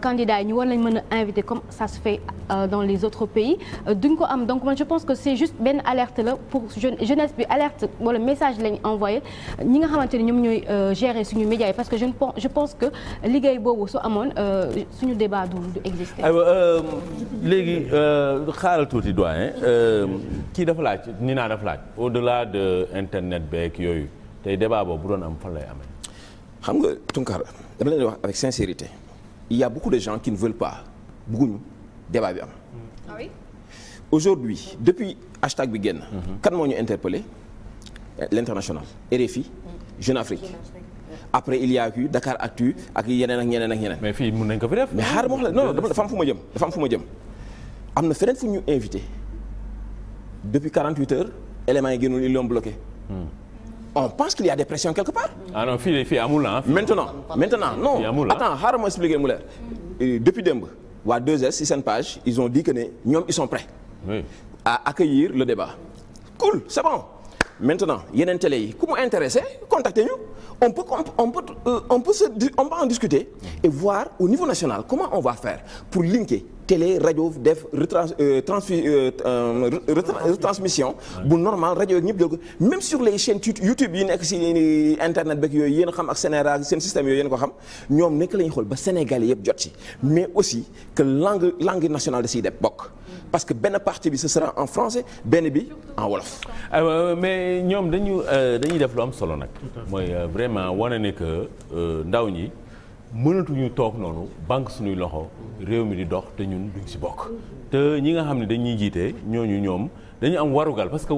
candidat yi ñu war lañ mën a invité comme ça se fait dans les autres pays duñ ko am donc man je pense que c'est juste benn alerte la pour jeunesse bi alerte wala message lañ envoyé ñi nga xamante ni ñoom ñooy gérer suñu média yi je pense que liggéey boobu su amoon euh, suñu débat du du exister. aywa euh, léegi euh, xaaral tuuti doyen kii dafa laaj ni naa dafa laaj au delà de internet beek yooyu tey débat boobu bu doon am fan lay amee. xam nga Tunkar dama leen wax avec sincérité il y a beaucoup de gens qui ne veulent pas bëgguñu débat bi am. ah aujourd'hui depuis hashtag bi génn. Mhm. kan moo ñu interpellé. l'international RFI Jeune Afrique. après il y a eu Dakar Actu ak yeneen ak ñeneen ak ñeneen. mais fii mun nañ ko fi def. mais xaar ma wax la non dafa am fu ma jëm fu ma jëm am na feneen fu ñu invité depuis 48 heures éléments yi génnul ils l'ont bloqué. Hmm. on pense qu'il y des pressions quelque part. ah non fii fii maintenant maintenant non attends xaaral ma expliquer mu leer. Euh, depuis démb waa 2S si seen page ils ont dit ñoom ils sont prêts. à accueillir le débat. cool c'est bon maintenant yeneen t yi ku mu intéressé on peut on peut euh, on peut se on peut en discuter et voir au niveau national comment on va faire pour linker télé rajo def euh, euh, euh, retransmission bu normal rajo yeeg ñëpp jël ko même sur les chaînes YouTube yi nekk si internet beeg yooyu yéen xam ak Sénégal seen système yooyu yéen ko xam ñoom nekk la ñuy xool ba Sénégal yëpp jot ci mais aussi que langue langue nationale da siy def bokk parce que benn partie bi ce sera en français benn bi en wolof. Ah, mais ñoom dañu dañuy def lu am solo nag. mooy vraiment wane ne que ndaw ñi. mënatuñu toog noonu banque suñuy loxo réew mi di dox te ñun duñ si bokk. te ñi nga xam ne dañuy jiite ñooñu ñoom dañu am warugal parce que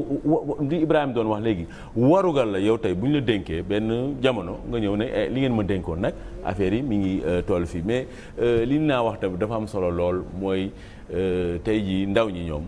li Ibrahima doon wax léegi warugal la yow tey bu ñu la dénkee benn jamono nga ñëw ne eh, li ngeen ma dénkoon nag affaire yi mi ngi euh, toll fii mais euh, li naa wax tamit dafa am solo lool mooy euh, tey jii ndaw ñi ñoom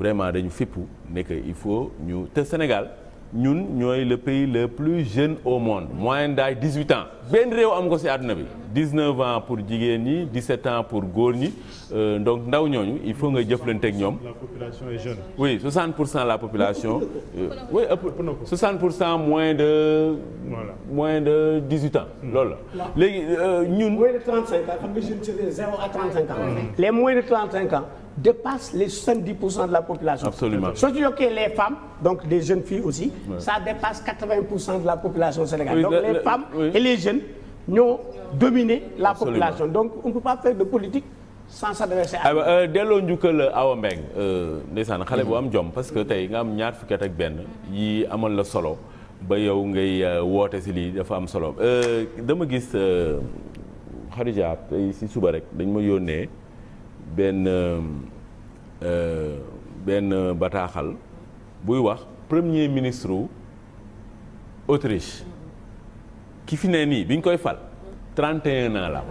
vraiment dañu fippu ne il faut ñu te Sénégal. ñun ñooy le pays le plus jeune au monde moyenne d'âge 18 ans benn réew am ko ci àdduna bi 19 ans pour jigéen ñi 17 ans pour góor ñi euh, donc ndaw ñooñu il faut nga jëflante ak ñoom. la population est jeune. oui 60 pour cent la population. Euh, oui ëpp 60 pour cent moins de. voilà moins de 18 ans. Hmm. loolu la léegi euh, ñun. moins de 35 ans xam nga jeunes ans. Hmm. dépasse les 70 pour cent de la population. absolument soo ci yokkee les femmes donc des jeunes fii aussi. Ouais. ça dépasse 80 pour cent de la population sénégalaise. Oui, donc les femmes et les jeunes ñoo dominer la absolument. donc on ne peut pas faire de politique. sans s'adresser à. Ah, euh, delloo njukkal Awa Mbengue euh, ndeysaan xale boo mhm. am jom parce que tey nga am ñaar fukki at ak benn yi amal la solo ba yow ngay euh, woote si lii dafa am solo dama gis Khadija tey si suba rek dañ ma yónnee. benn euh, euh, benn bataaxal buy wax premier ministre wu Autriche ki fi ne nii bi ñu koy fal 31 ans la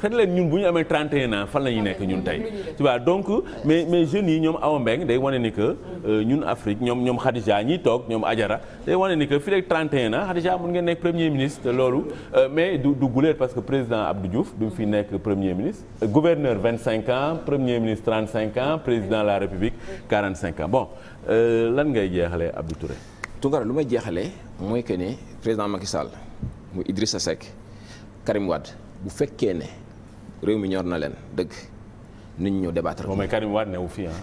xëy leen ñun bu ñu amee 31 ans fan la ñuy nekk ñun tey tu vois donc mais mais jeunes yi ñoom Awa Mbeng day wane ni que euh, ñun Afrique ñoom ñoom Khadija ñiy toog ñoom Ajara day wane ni que fii léegi 31 ans Khadija mun ngeen nekk premier ministre loolu euh, mais du du guleet parce que président Abdou juf du mu fi nekk premier ministre euh, gouverneur vingt ans premier ministre 35 ans président de la République 45 ans bon lan ngay jeexale Abdou ture Tounkara lu may jeexale mooy que ne président Macky Sall mu Idrissa Seck Karim Wade. bu fekkee ne réew mi ñor na leen dëgg nit ñi ñëw débattre. moom mooy Karim Wade newu fii ah.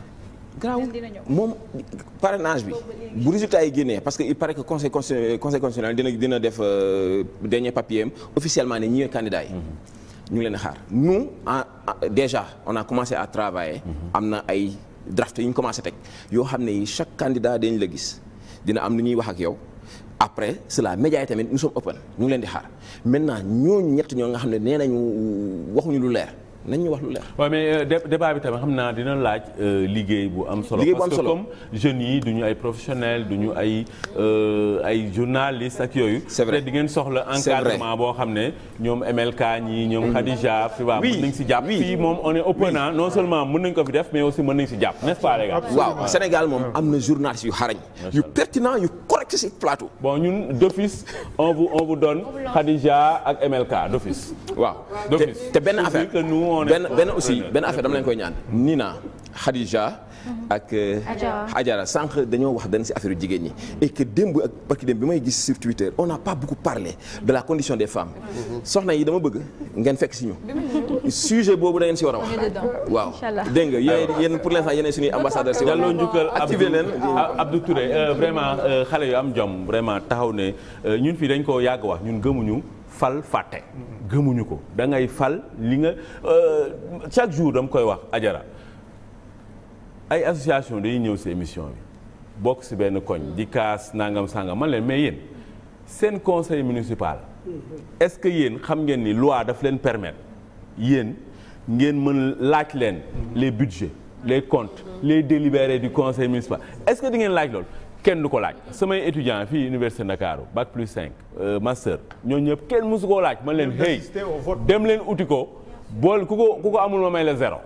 garaaw moom parrainage bi bu résultat yi génnee parce que il paraît que conseil conseil constitutionnel dina dina def euh, dernier papier am officiellement ne ñi ñooy candidats yi. Mm-hmm. ñu ngi leen xaar nous en déjà on a commencé à travailler. Mm-hmm. am na ay draft yu ñu commencé teg yoo xam ne yi chaque candidat dañ la gis dina am lu ñuy wax ak yow. après cela médias yi tamit nous sommes open ñu ngi leen di xaar maintenant ñooñu ñett ñoo nga xam ne nee nañu waxuñu lu leer nañ ñu wax lu leer. Euh, xam naa dina laaj euh, liggéey bu am solo. liggéey bu am solo parce que comme jeunes yi du ñu ay professionnels du ñu ay euh, ay journalistes ak yooyu. c'est vrai di ngeen soxla encadrement boo xam ne ñoom MLK ñi ñoom mm. Khadija. fi waaw mën nañ si jàpp fii moom on est opposant non seulement mën nañ ko fi def mais aussi mën nañ si jàpp n'est-ce pas les waaw Sénégal moom am na journalistes yu xarañ. yu pertinent yu correct si plateau. bon ñun d'office on vous on vous donne ak MLK d'office. benn benn aussi benn affaire dama leen koy ñaan Nina Khadija mhm. ak euh, Ajara sànq dañoo wax dañ si affaire jigéen ñi et que démb ak barki démb bi may gis sur Twitter on n'a pas beaucoup parlé de la condition des femmes mhm. soxna yi dama bëgg ngeen fekk si ñu sujet boobu da si war a wax waaw dégg nga yéen pour l'instant yéen suñuy ambassadeur si dalloo njukkal activé leen ah, Abdou Touré euh, vraiment euh, xale yu am jom vraiment taxaw ne ñun fii dañ ko yàgg wax ñun gëmuñu fal fàtte. gëmuñu ko da ngay fal li nga euh, chaque jour dama koy wax ajara ay association dañuy ñëw si émission bi bokk si benn koñ di kaas nangam sangam man leen mais yéen seen conseil municipal mm-hmm. est-ce que yéen xam ngeen ni loi daf leen permettre yéen ngeen mën laaj leen mm-hmm. les budgets les comptes mm-hmm. les délibérés du conseil municipal est-ce que di ngeen laaj loolu kenn du ko laaj samay étudiant fii université Ndakaaru bac plus cinq euh, master ñoo ñëpp kenn su koo laaj man leen xëy dem leen uti ko boole ku ko ku ko amul ma may la zéro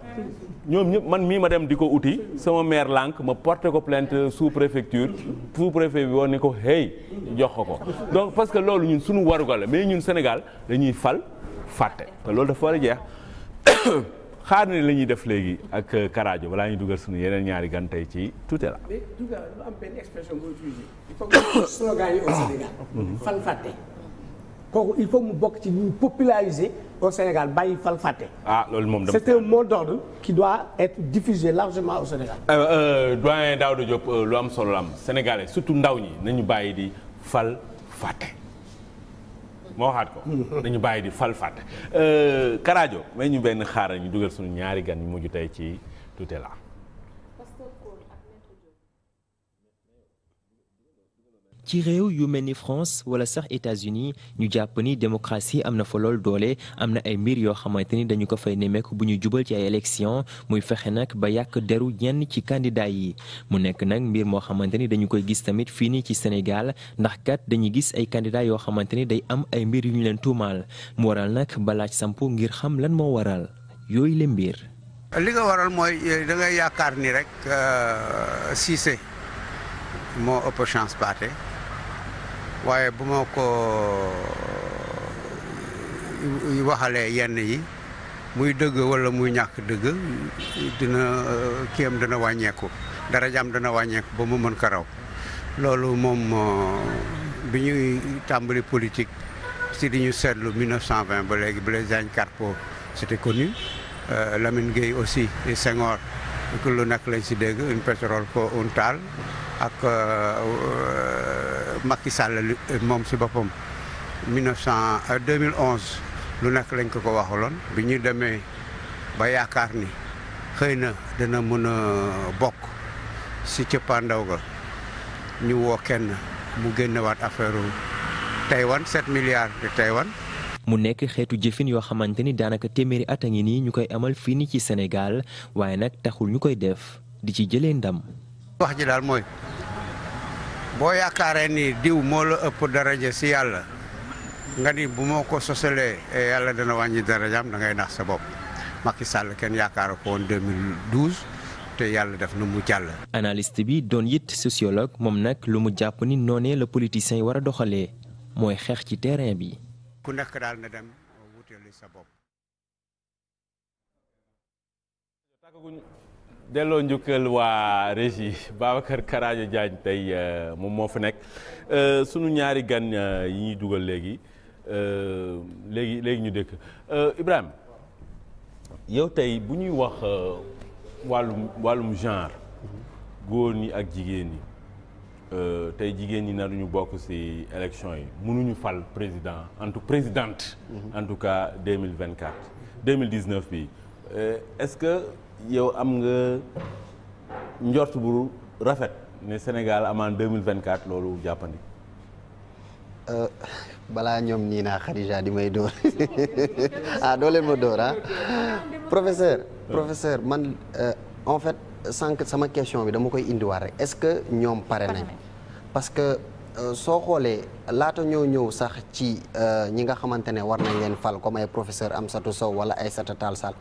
ñoom ñëpp man mii ma dem di ko uti sama maire lànk ma porté ko plainte sous préfecture sous préfet bi woon ni ko xëy jox ko ko donc parce que loolu ñun suñu warugal la mais ñun Sénégal dañuy fal fàtte te loolu dafa war a jeex xaar ne la ñuy def léegi ak euh, Karajo balaa ñuy dugal suñu yeneen ñaari gan tey ci tuuti la. mais tout il faut mu bokk ci ñu Sénégal bàyyi fal fàtte. ah loolu moom dama. c'est un mot d'ordre qui doit être diffusé largement au euh, euh, doyen Daouda Diop lu am solo am sénégalais surtout ndaw ñi nañu bàyyi di fal fàtte. moo waxaat ko dañu bàyyi di falfàtte euh, Karajo may ñu benn xaaral ñu dugal suñu ñaari gan ñu mujj tey ci tutela ci réew yu mel ni France wala sax États-Unis ñu jàpp ni démocratie am na fa lool doole am na ay mbir yoo xamante ni dañu ko fay nemmeeku bu ñu jubal ci ay élection muy fexe nag ba yàq deru ñenn ci candidat yi mu nekk nag mbir moo xamante ni dañu koy gis tamit fii nii ci senegal ndax kat dañuy gis ay candidat yoo xamante ni day am ay mbir yu ñu leen tuumaal mu waral nag balaaj samp ngir xam lan moo waral yooyu la mbir. li nga waral mooy eh, da ngay yaakaar ni rek euh, waaye bu ma ko euh, waxalee yenn yi muy dëgg wala muy ñàkk dëgg dina euh, kiyam dana wàññeeku jam dana wàññeeku ba mu mën ko raw loolu moom euh, bi ñuy tàmbali politique si di ñu seetlu 1920 ba léegi Blaise Diagne Carpot ni connu Lamine Gueye aussi et Senghor ku lu nekk lañ si dégg une pétrole ko un taal ak Macky Sall moom si boppam 1900 2011 euh, lu nekk lañ ko ko waxaloon bi ñu demee ba yaakaar ni xëy na dana mën a bokk si cëppaandaw ga ñu woo kenn mu génnewaat affaire Taïwan set milliards de Taïwan. mu nekk xeetu jëfin yoo xamante ni daanaka téeméeri at a ngi nii ñu koy amal fii nii ci Sénégal waaye nag taxul ñu koy def di ci jëlee ndam. wax ji daal mooy boo yaakaaree ni diw moo la ëpp daraja si yàlla nga ni bu moo ko sosalee eh, yàlla dana wàññi darajaam da ngay nax sa bopp Macky Sall kenn yaakaar ko woon 2012 te yàlla def na mu jàll. analyste bi doon it sociologue moom nag lu mu jàpp ni noonee la politicien yi war a doxalee mooy xeex ci terrain bi. ku nekk daal na dem wutali sa bopp. delloo njukkal waa régie Babacar Karajo Diagne tey euh, moom moo fi nekk euh, sunu ñaari gan euh, yi ñuy dugal léegi léegi léegi ñu dëkk Ibrahima yow tey bu ñuy wax wàllum wàllum genre góor ñi ak jigéen ñi tey jigéen ñi ñu bokk ci élection yi mënuñu fal président en tout présidente. en tout cas deux mille vingt quatre deux mille dix neuf bi Euh, est-ce que yow am nga njort bu rafet ne Sénégal amaan deux mille vingt quatre loolu jàppandi. Euh, balaa ñoom nii naa di may door ah doo leen ma dóor ah professeur. professeur man euh, en fait sànq sama question bi dama koy indiwaat rek est-ce que ñoom pare nañ parce que soo xoolee laata ñoo ñëw sax ci ñi nga xamante ne war nañ leen fal comme ay professeur Amsatou Sow wala Aïssata Tall Sall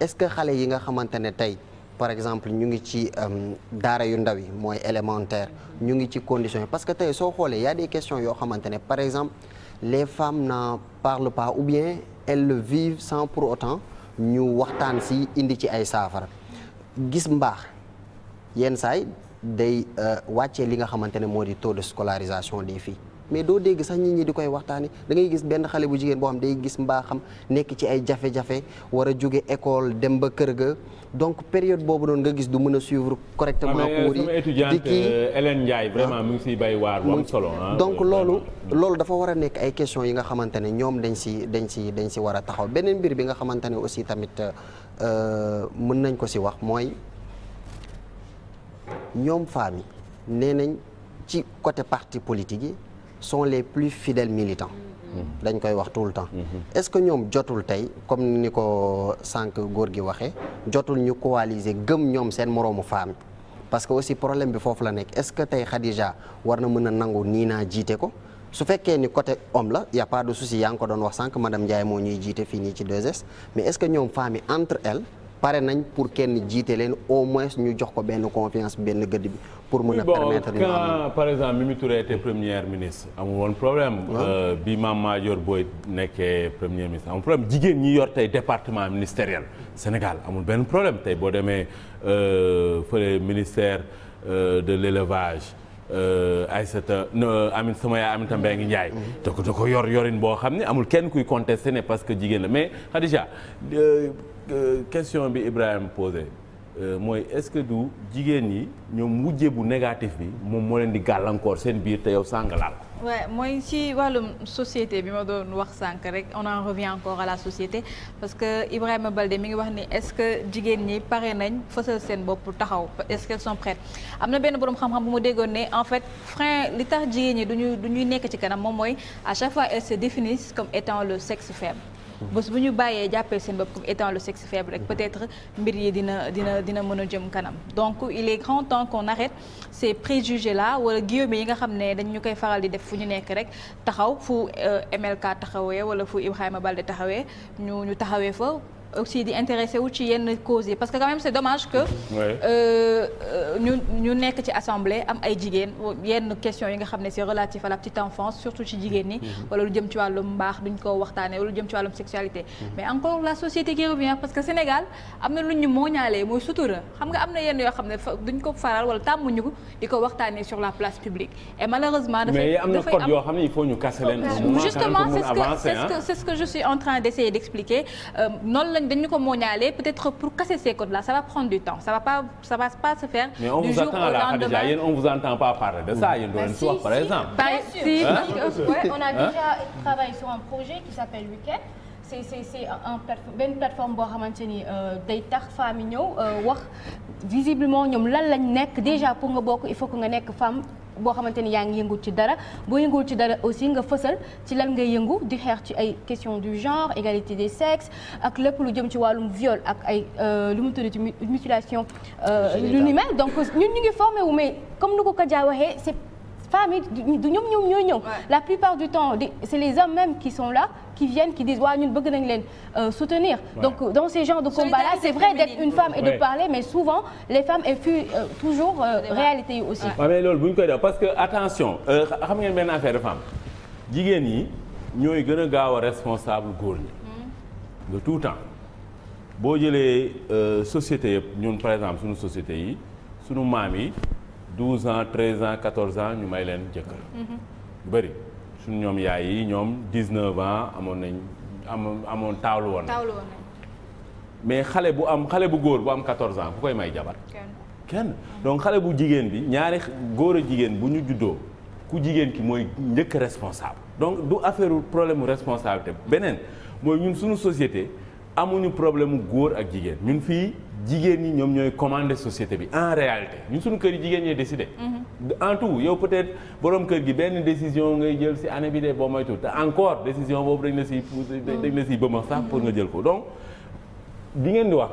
est-ce que xale yi nga xamante ne tey par exemple ñu ngi ci euh, daara yu ndaw yi mooy élémentaire ñu ngi ci condition yi parce que tey soo xoolee y a des yoo xamante par exemple les femmes n'en parlent pas ou bien elles le vivent sans pour autant ñu waxtaan si indi ci ay saafara gis mbaax yenn saay day euh, wàccee li nga xamante ne moo di taux de scolarisation des filles mais doo dégg sax nit ñi di koy waxtaani da ngay gis benn xale bu jigéen boo xam day gis mbaaxam nekk ci ay jafe-jafe war a jóge école dem ba kër ga donc période boobu noonu nga gis du mën a suivre correctement ah, euh, cours yi di kii euh, Hélène Ndiaye vraiment mu ngi siy bay waar solo ah. donc loolu loolu dafa war a nekk ay questions yi nga xamante ne ñoom dañ si dañ si dañ si war a taxaw beneen mbir bi nga xamante ne aussi tamit euh, mën nañ ko si wax mooy ñoom femmes yi nee nañ ci côté parti politique yi son les plus fidèles militants. dañ koy wax tout le temps. Mhm. est-ce que ñoom jotul tey comme ni ko sànq góor gi waxee jotul ñu coaliser gëm ñoom seen moroomu femme parce que aussi problème bi foofu la nekk est-ce que tey Khadija war na mën a nangu nii naa jiite ko su fekkee ni côté homme la y a pas de souci yaa ngi ko doon wax sànq madame Ndiaye moo ñuy jiite fii nii ci 2S mais est-ce que ñoom femmes yi entre elles pare nañ pour kenn jiite leen au moins ñu jox ko benn confiance benn gëdd bi pour mën a permettre par exemple Mimi Touré était première ministre amul woon problème. Euh, bi Mame Madior Boye nekkee premier ministre amul problème jigéen ñi yor tey département ministériel Sénégal amul benn problème tey boo demee euh, fële ministère euh, de l'élevage. Aïssata Amin sama yaay Aminata Mbengue Ndiaye. Mhm. da ko da ko yor yorin boo xam ne amul kenn kuy contesté ne parce que jigéen la mais Khadija question bi Ibrahima posé. Euh, mooy est-ce que du jigéen ñi ñoom mujje bu négatif bi moom moo leen di gàllankoor seen biir te yow sàngalaal ko. waaye mooy ci wàllum société bi ma doon wax sànk rek on en revient encore à la société parce que Ibrahima Baldé mi ngi wax ni est-ce que jigéen ñi pare nañ fësal seen bopp taxaw est-ce qu'elles sont am na benn boroom xam-xam bu mu déggoon ne en fait frein li tax jigéen ñi du du ñuy nekk ci kanam moom mooy à chaque fois elles se comme étant le sexe faible. bés bu ñu bàyyee jàppee seen bopp comme étant le sexe faible rek peut-être mbir yi dina dina dina mën a jëm kanam donc il est grand temps qu'on arrête ces préjugés là wala guillemets yi nga xam ne dañ koy faral di def fu ñu nekk rek taxaw fu euh, MLK taxawee wala fu Ibrahima Balde taxawee ñu ñu taxawee fa aussi di intéressé wu ci yenn causes yi parce que quand même c'est dommage que euh, euh, ñu nekk ci assemblée am ay jigéen yenn question yi nga xam ne c'est relatif à la petite enfance surtout ci jigéen ñi mm-hmm. wala lu jëm ci wàllum mbaax duñ ko waxtaanee wala lu jëm ci wàllum sexualité mm-hmm. mais encore la société qui revient parce que Sénégal am na lu ñu mooñaalee mooy sutura xam nga am na yenn yoo xam ne duñ ko faral wala tàmmuñu ko di ko waxtaanee sur la place publique et na code yoo xam ne il dem dañu ko mooñaale peut-être pour casser ces codes là ça va prendre du temps ça va pas ça va pas se faire. mais on vous attend à la Khadija yéen on vous entend pas parler de ça yéen doo leen si wax par exemple. bien sûr on a déjà travaillé sur un projet qui s'appelle Weekend. c'est c'est c'est un plateforme benn plateforme boo xamante ni euh, day tax femmes yi ñëw euh, wax visiblement ñoom lan lañ nekk déjà pour nga bokk il faut que nga nekk femme boo xamante ni yaa ngi yëngul ci dara boo yëngul ci dara aussi nga fësal ci lan ngay yëngu di xeex ci ay question du genre égalité des sexes ak lépp lu jëm ci wàllum viol ak ay euh, lu mu tudd ci mutilation lu ni mel donc ñun ñu ngi formé mais comme nu ko Kaja waxee femmes yi du ñoom ñoom ñooy ñëw la plupart du temps c'est les hommes même qui sont là qui viennent qui disent waaw ñun bëgg nañ leen euh, soutenir donc euh, dans ces genres de combat là c'est vrai d'être une femme et de parler mais souvent les femmes fuient euh, toujours réalité aussi waaw mais loolu bu ñu koy def parce que attention xam ngeen benn affaire de femme jigéen ñi ñooy gën a gaaw a responsable góor ñi mm. de tout temps boo jëlee société yëpp ñun par exemple suñu société yi suñu maam yi 12 ans 13 ans 14 ans ñu may leen jëkkër. Mm-hmm. bëri suñu ñoom yaay yi ñoom 19 ans amoon nañ amoon amoon taawlu woon. mais xale bu am xale bu góor bu am 14 ans ku koy may jabar. kenn donc xale bu jigéen bi ñaari góor a jigéen bu ñu juddoo ku jigéen ki mooy njëkk responsable. donc du affaire problème mu responsabilité beneen mooy ñun suñu société amuñu problème mu góor ak jigéen ñun fii. jigéen ñi ñoom ñooy commandé société bi en réalité ñun suñu kër yi jigéen ñee décidé. Mm-hmm. en tout yow peut-être borom kër gi benn décision ngay jël ci anne bi de boo moytu te encore décision boobu dañ na ci poussé mm-hmm. dañ na ci bëma sax pour nga jël ko donc bi ngeen di wax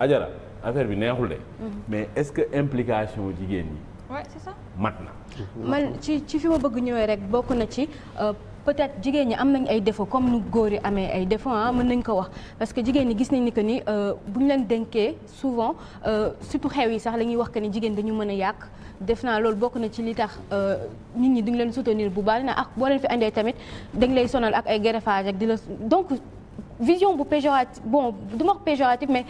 ajara affaire bi neexul de. Mm-hmm. mais est-ce que implication jigéen ñi. waaw c'est mat na. man ci ci fi ma bëgg ñëwee rek bokk na ci. Euh, peut-être jigéen ñi am nañ ay défauts comme nu góor yi amee ay défauts ah, mën nañ ko wax parce que jigéen ñi gis nañ ni que ni euh, bu ñu leen dénkee souvent euh, surtout xew yi sax la ñuy wax que ni jigéen dañu mën a yàq def naa loolu bokk na ci li tax euh, nit ñi duñ leen soutenir bu baax dina ak boo leen fi andee tamit dañ lay sonal ak ay greffage ak di la donc vision bu péjorative bon du ma wax péjorative mais.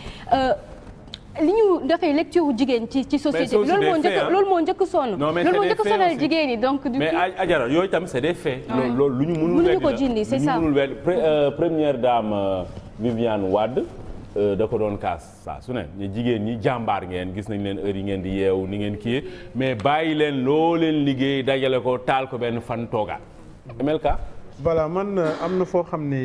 li ñu dafay lecture jigéen ci ci société bi moo njëkk loolu moo njëkk sonn loolu jigéen yi donc du mais ajara ah, ah, yooyu tam c'est des faits loolu loolu lu ñu mënul mënuñu ko jindi c'est ça mënul wedd euh, première dame euh, Viviane Wade euh, da ko doon kaas saa su ne ñu jigéen ñi jàmbaar ngeen gis nañ leen heure yi ngeen di yeewu ni ngeen kii mais bàyyi leen loo leen liggéey dajale ko taal ko benn fan toogaat MLK voilà man euh, am na foo xam ne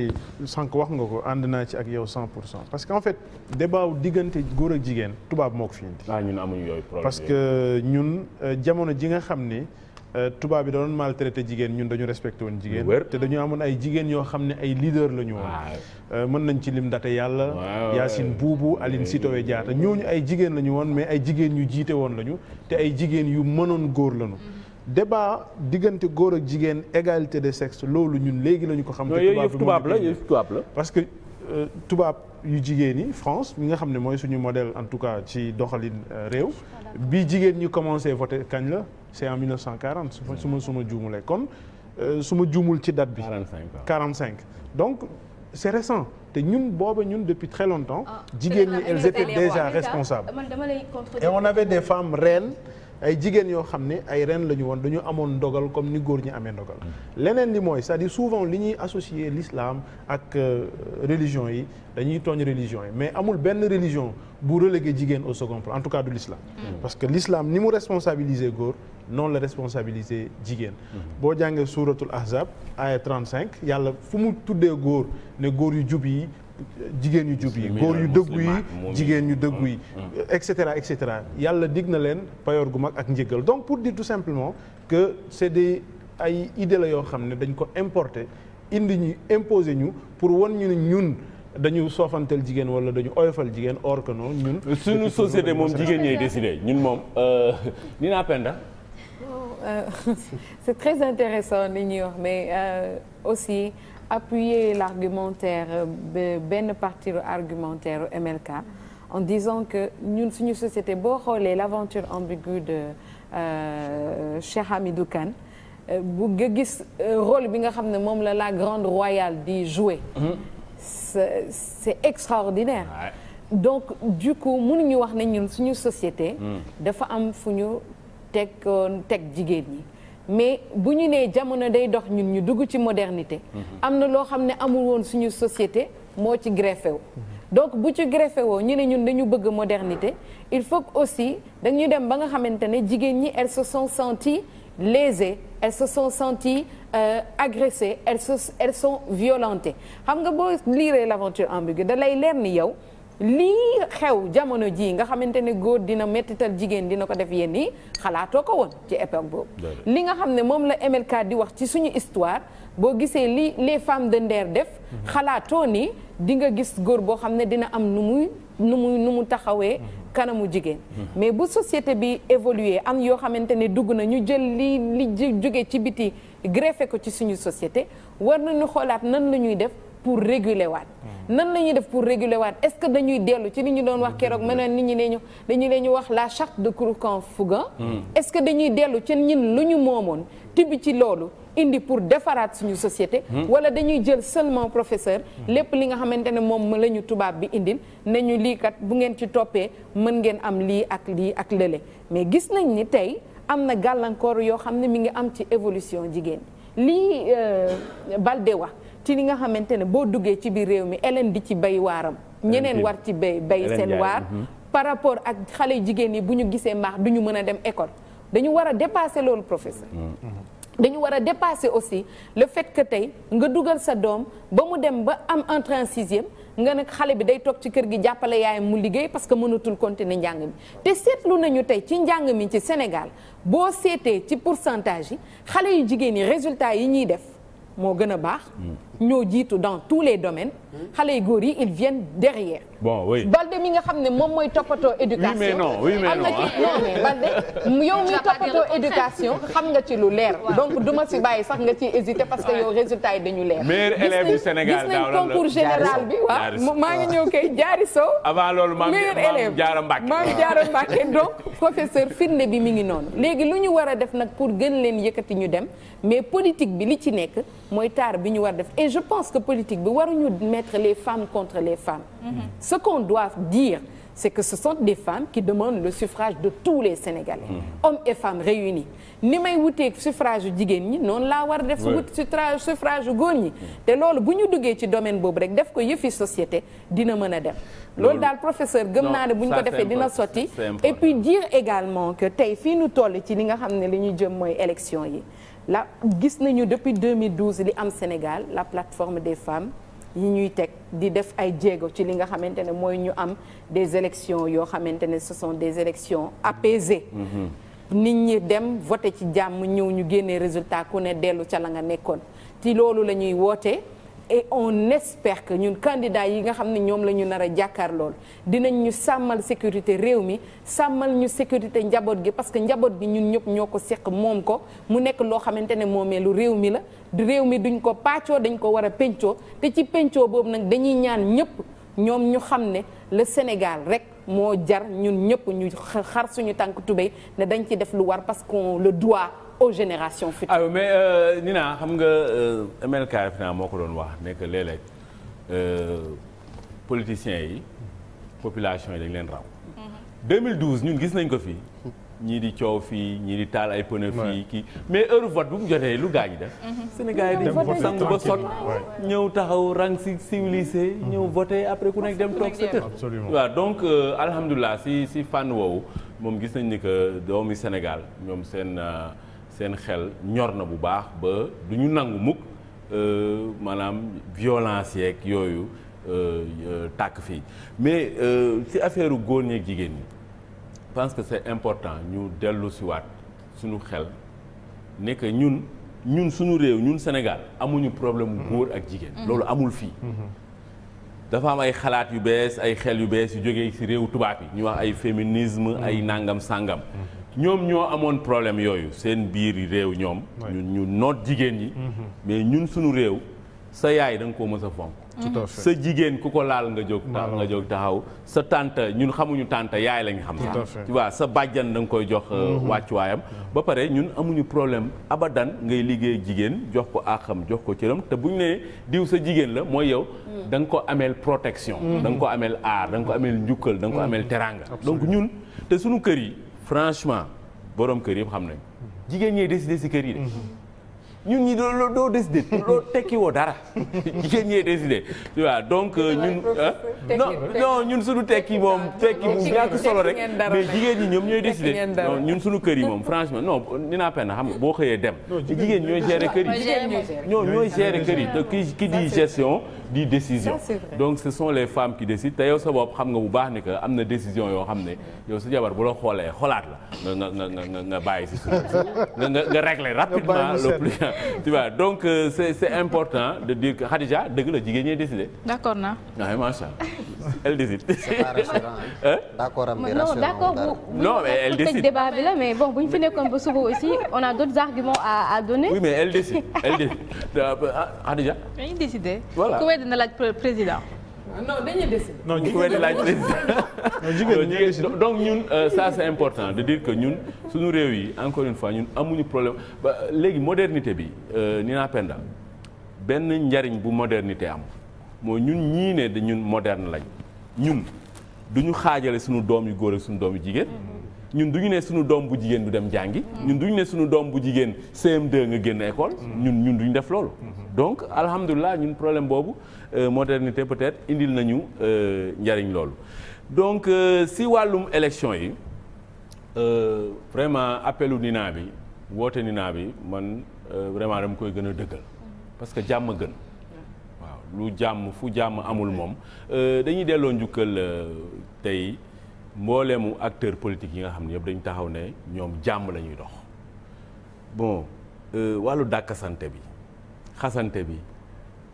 sànq wax nga ko ànd naa ci ak yow 100 pour cent parce que en fait débat wu diggante góor ak jigéen tubaab moo fii fi indi. ah ñun amuñu yooyu parce que euh, ñun euh, jamono ji nga xam ne tubaab bi da doon maltraité jigéen ñun dañu respecté woon jigéen. te dañu amoon ay jigéen yoo xam ne ay leader la ñu woon. Ah, mën nañ ci lim Ndate Yàlla. Yacine Boubou Aline Sitoé Diatta ñooñu ay jigéen la ñu woon mais ay jigéen yu jiite woon la te ay jigéen yu mënoon góor la ñu. Mm-hmm. débat diggante góor ak jigéen égalité de sexe loolu ñun léegi la ko xam. te tubaab la yëf tubaab la parce que euh, tubaab yu jigéen yi France mi nga xam ne mooy suñu modèle en tout cas ci doxalin euh, réew. bi jigéen ñi commencé voté kañ la c' est en 1940. su ma suma ma juumulee kon euh, su ma ci date bi. 45 45 donc c' est récent. te ñun booba ñun depuis très longtemps. Ah, jigéen ñi elles étaient déjà responsables. et on avait des femmes reines. ay jigéen yoo xam ne ay ren la ñu woon dañu amoon ndogal comme ni góor ñi amee ndogal. Mm-hmm. leneen li mooy cest à souvent li ñuy associer lislaam ak euh, religion yi dañuy tooñ religion yi mais amul benn religion bu relégué jigéen au second plan en tout cas du l'islam mm-hmm. parce que l'islam ni mu responsabiliser góor noonu la responsabiliser jigéen. Mm-hmm. boo jàngee suuratul ahzab trent cinq yàlla fu mu tuddee góor ne góor yu jub yi. jigéen yu jub yi góor yu dëggu yi jigéen yu dëggu yi mm, mm, mm. et cetera et cetera yàlla dig na leen payoor gu mag ak njëggal donc pour dire tout simplement que c'est des ay idée la yoo xam ne dañ ko importer indi ñu imposer ñu pour wan ñu ne ñun dañu soofantal jigéen wala dañu oyofal jigéen or que non ñun euh, suñu société moom jigéen ñooy décidé ñun moom euh, Nina Penda euh, c'est très intéressant li ñuy wax mais aussi appuyer l'argumentaire benn partie argumentaire MLK en disant que ñun suñu société boo xoolee l'aventure ambiguë de euh, Cheikh Hamidou Kane euh, bu nga gis euh, rôle bi nga xam ne moom la la grande royale di jouer mm-hmm. c'est, c'est extraordinaire ouais. donc du coup mënuñu wax ne ñun suñu société mm. dafa am fu ñu teg teg jigéen ñi mais bu ñu nee jamono day dox ñun ñu dugg ci modernité. Mhm. am na loo xam ne amul woon suñu société moo ci greffé wu. Mhm. donc bu ci greffé woo ñu ne ñun dañu bëgg modernité il faut que aussi dañu dem ba nga xamante ne jigéen ñi elles se sont senties lésées elles se sont senties euh, agressées sont violentées xam nga boo liiree l'aventure ambiguë da lay leer ni yow. lii xew jamono jii nga xamante ne góor dina mettital jigéen dina ko def yéen yi xalaatoo ko woon ci époque boobu li nga xam ne moom la MLK di wax ci suñu histoire boo gisee li les femmes de Nder def mhm. xalaatoo ni di nga gis góor boo xam ne dina am nu muy nu muy nu mu taxawee mhm. kanamu jigéen mhm. mais bu société bi évolué am yoo xamante ne dugg na ñu jël li li jóge ci biti greffé ko ci suñu société war nañu xoolaat nan la ñuy def pour réguler waat. Hmm. nan la def pour réguler waat est-ce que dañuy dellu ci li ñu doon wax keroog mën nit ñi dañu dañu leen ñu wax la charte de Kourkan-Fouga. Hmm. est-ce que dañuy dellu ci ñun lu ñu moomoon tibb ci loolu indi pour defaraat suñu société. Hmm. wala dañuy jël seulement professeur. lépp li nga xamante ne moom la ñu tubaab bi indil ne ñu lii kat bu ngeen ci toppee mën ngeen am lii ak lii ak lële mais gis nañ ni tey am na gàllankoor yoo xam ne mi ngi am ci évolution jigéen lii euh, Balde wax. ci li nga xamante ne boo duggee ci biir réew mi Hélène di ci bay waaram ñeneen war ci bay bay seen waar mm-hmm. par rapport ak xale yu jigéen yi bu ñu gisee maax du ñu mën a dem école dañu war a dépasser loolu professeur mm-hmm. Mm-hmm. dañu war a dépasser aussi le fait que tey nga dugal sa doom ba mu dem ba am entrée en sixième nga nag xale bi day toog ci kër gi jàppale yaayam mu liggéey parce que mënatul continuer njàng mi te seetlu nañu tey ci njàng mi ci Sénégal boo seetee ci pourcentage yi xale yu jigéen yi résultat yi ñuy def moo gën a baax ñoo jiitu dans tous les domaines xale yu góor yi ils viennent derrière. bon oui Balde mi nga xam ne moom mooy toppatoo éducation. oui mais non oui mais ah. xam nga ci lu leer. donc du ma si bàyyi sax nga ci hésité parce que yow résultat yi dañu leer. meilleur élève du Sénégal daaw gis nañ concours général bi waaw maa ngi ñëw kay jaari sow. avant loolu maam jaara maa maam jaara Mbàkke donc professeur firnde bi mi ngi noonu. léegi lu ñu war a def nag pour gën leen yëkkati ñu dem mais politique bi li ci nekk mooy mais je pense que politique bi waruñu mettre les femmes contre les femmes. Mhm. ce qu'on doit dire c'est que ce sont des femmes qui demandent le suffrage de tous les Sénégalais. Mhm. hommes et femmes réunis ni may wuteeg suffrage yu jigéen ñi noonu laa war def. wut suffrage suffrage yu ñi. te loolu bu ñu duggee ci domaine boobu rek def ko yëfi société dina mën a dem. loolu daal professeur gëm naa ne bu ñu ko defee dina sotti. et puis dire également que tey fii nu toll ci li nga xam ne li jëm mooy élection yi. la gis nañu depuis 2012 li am Sénégal la plateforme des femmes yi ñuy teg di def ay jéego ci li nga xamante ne mooy ñu am des élections yoo xamante ne ce sont des élections apaisées. Mm-hmm. nit ñi dem voté ci jàmm ñëw ñu génnee résultat ku ne dellu ca la nga nekkoon ti loolu la ñuy woote. et on espère que ñun candidats yi nga xam ne ñoom la ñu nar a jàkkaar lool dinañ ñu sàmmal sécurité réew mi sàmmal ñu sécurité njaboot gi parce que njaboot gi ñun ñëpp ñoo ko seq moom ko mu nekk loo xamante ne moomeelu réew mi la réew mi duñ ko pàccoo dañ ko war a pencoo te ci pencoo boobu nag dañuy ñaan ñëpp ñoom ñu xam ne le Sénégal rek moo jar ñun ñëpp ñu xar suñu tànk tubéy ne dañ ci def lu war parce qu'on le doit aux générations futures. ah mais euh, Nina xam nga euh, MLK finalement moo ko doon wax ne que léeg-léeg euh, yi population yi dañ leen raw. 2012 ñun gis nañ ko fii. ñii di coow fii ñii di taal ay pneu fii kii mais heure vote bu mu jotee lu gaañ def. Mhm. Sénégal yi dañ ko sang ba sot ñëw taxaw rang si civilisé. Mhm. ñëw voté après ku nekk dem toog sa kër. donc alhamdulilah si si fànn woowu moom gis nañ ni que doomi Sénégal ñoom seen. seen xel ñor na bu baax ba du ñu nangu mukk euh, maanaam violence yeeg yooyu euh, euh, tàkk fii mais si affaire góor ñeeg jigéen ñi je que c'est important ñu dellu si suñu xel ne que ñun ñun suñu réew ñun Sénégal amuñu problème góor ak jigéen mm-hmm. loolu amul fii mm-hmm. dafa am ay xalaat yu bees ay xel yu bees yu jógee si réew tubaab yi ñu wax ay féminisme ay mm-hmm. nangam sàngam ñoom ñoo amoon problème yooyu seen biir réew ñoom. ñun ñu noot jigéen ñi. Mhm. mais ñun suñu réew sa yaay da nga koo mës a fonk. sa jigéen ku ko laal nga jóg taxaw nga jóg taxaw sa tante ñun xamuñu tante yaay lañ xam sax tu vois sa bàjjan da nga koy jox euh, mhm. wàccuwaayam ba pare ñun amuñu problème abadan ngay liggéey jigéen jox ko àqam jox ko cëram te bu buñu nee diw sa jigéen la mooy yow mm. da nga ko ameel protection mm. da nga ko ameel aar danga ko ameel njukkal danga ko mm. ameel teranga donc ñun te suñu kër yi franchement borom kër yëpp xam nañ jigéen ñee décidé si kër yi de ñun ñi doo doo décidé doo tekki woo dara jigéen ñee décidé tu vois donc ñun ah, non ñun suñu tekki moom tekki bu ñàkk solo rek mais jigéen ñi ñoom ñooy décidé non ñun suñu kër yi moom franchement non dinaa xam nga boo xëyee dem jigéen ñooy gérer kër yi ñoo ñooy gérer kër yi te ki ki di gestion di décision donc ce sont les femmes qui décident te yow sa bopp xam nga bu baax ni am na décision yoo xam ne yow sa jabar bu la xoolee xolaat la nga nga nga bàyyi si suuf nga nga régler rapidement le plus tu vois donc euh, c'est important de dire que Khadija dëgg la jigéen ñi décidé. d'accord naa. Ah, waaye macha allah elle décide. c'est d'accord am non d'accord bu non elle décide débat bi mais bon bu ñu fi nekkoon ba suba aussi on a d'autres arguments à donner. elle décide elle décide ah, Khadija. dañuy décider. voilà président. non dañuy laaj décider donc ñun euh, ça c'est important de dire que ñun suñu réew yi encore une fois ñun amuñu problème ba léegi modernité bi euh, ni naa penda benn njariñ bu modernité am mooy ñun ñii ne ñun moderne lañ ñun duñu xaajale suñu doom yu góor ak suñu doom yu jigéen. ñun du ñu ne suñu doom bu jigéen du dem jàngi. Mm-hmm. ñun du ñu ne suñu doom bu jigéen CM2 nga génn école. Mm-hmm. ñun ñun du ñu def loolu. Mm-hmm. donc alhamdulilah ñun problème boobu euh, modernité peut-être indil nañu euh, njariñ loolu. donc euh, si wàllum élection yi vraiment appelu Nina bi woote Nina bi man vraiment dama koy gën a dëggal parce que jàmm gën. waaw lu jàmm fu jàmm amul moom dañuy delloo njukkal tey. mbooleemu acteur politique yi nga xam ne yëpp dañu taxaw ne ñoom jàmm la ñuy dox bon euh, wàllu dàkkasante bi xasante bi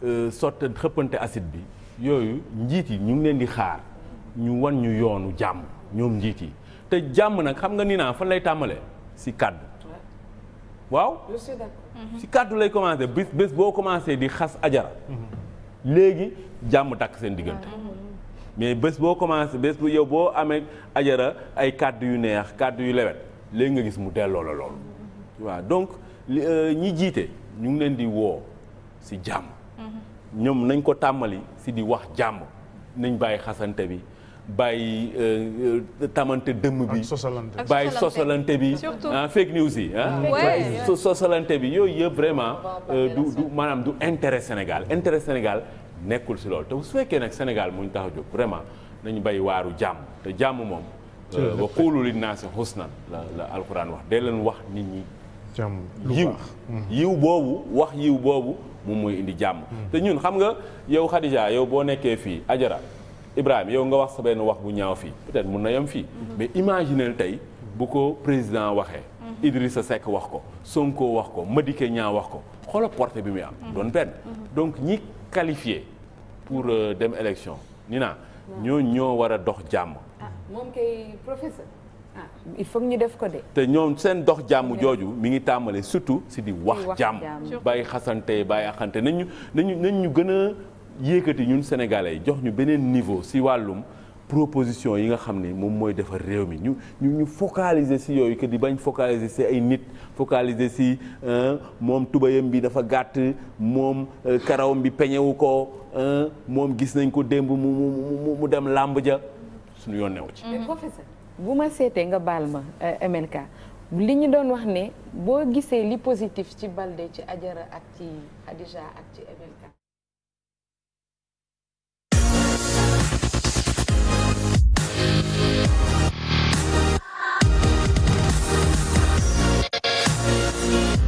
euh, sotte xëppante acide bi yooyu njiit yi ñu ngi leen di xaar ñu wan ñu yoonu jàmm ñoom njiit yi te jàmm nag xam nga ni naa fan lay tàmbalee si kàddu waaw mhm. si kàddu lay commencé bés bés boo commencé di xas ajara mhm. léegi jàmm takk seen diggante mais bés boo commencé bés bu yow boo amee ajara ay kàddu yu neex kàddu yu lewet léegi nga gis mu delloo la loolu waaw donc euh, ñi jiite ñu ngi leen di woo si jàmm mm-hmm. ñoom nañ ko tàmmali si di wax jàmm nañ bàyyi xasante bi bàyyi euh, euh, tamante dëmm bi bàyyi sosolante bi ah fake news yi ah sosolante bi yooyu yëpp vraiment du du maanaam du intérêt Sénégal intérêt Sénégal nekkul si loolu te su fekkee nag Sénégal mu ñu tax a jóg vraiment nañu bay waaru jàmm te jàmm moom. Euh, wa quulu linnaasi husnan la la alquran wax dee leen wax nit ñi. jàmm yiw mm-hmm. yiw boobu wax yiw boobu moom mooy indi jàmm. Mm-hmm. te ñun xam nga yow Khadija yow boo nekkee fii Ajara Ibrahima yow nga wax sa benn wax bu ñaaw fii peut-être mun na yem fii. Mm-hmm. mais imaginel tey bu ko président waxee. Idrissa sekk wax ko Sonko wax ko Madické ñaa wax ko xoolal portée bi muy am. doon donc ñi qualifié. pour euh, dem élection ni naa ñoo ñoo war a dox jàmm. Ah, ah, il faut ñu def ko te ñoom seen dox jàmm jooju mi ngi tàmbale surtout si di wax jàmm bàyyi xasante bàyyi axante nañu nañu nañ ñu gën a yéekati ñun sénégalais jox ñu beneen niveau si wàllum. proposition yi nga xam ne moom mooy defar réew mi ñu ñu focaliser si yooyu que di bañ focaliser si ay nit focaliser si moom tubayam bi dafa gàtt moom euh, karawam bi peñewu ko moom gis nañ ko démb mu mu dem làmb ja suñu yoon newu ci. Mm-hmm. Eh, professeur bu ma seetee nga baal ma euh, MLK li ñu doon wax ne boo gisee li positif ci Balde ci Ajara ak ci Hadija ak ci MLK. Thank you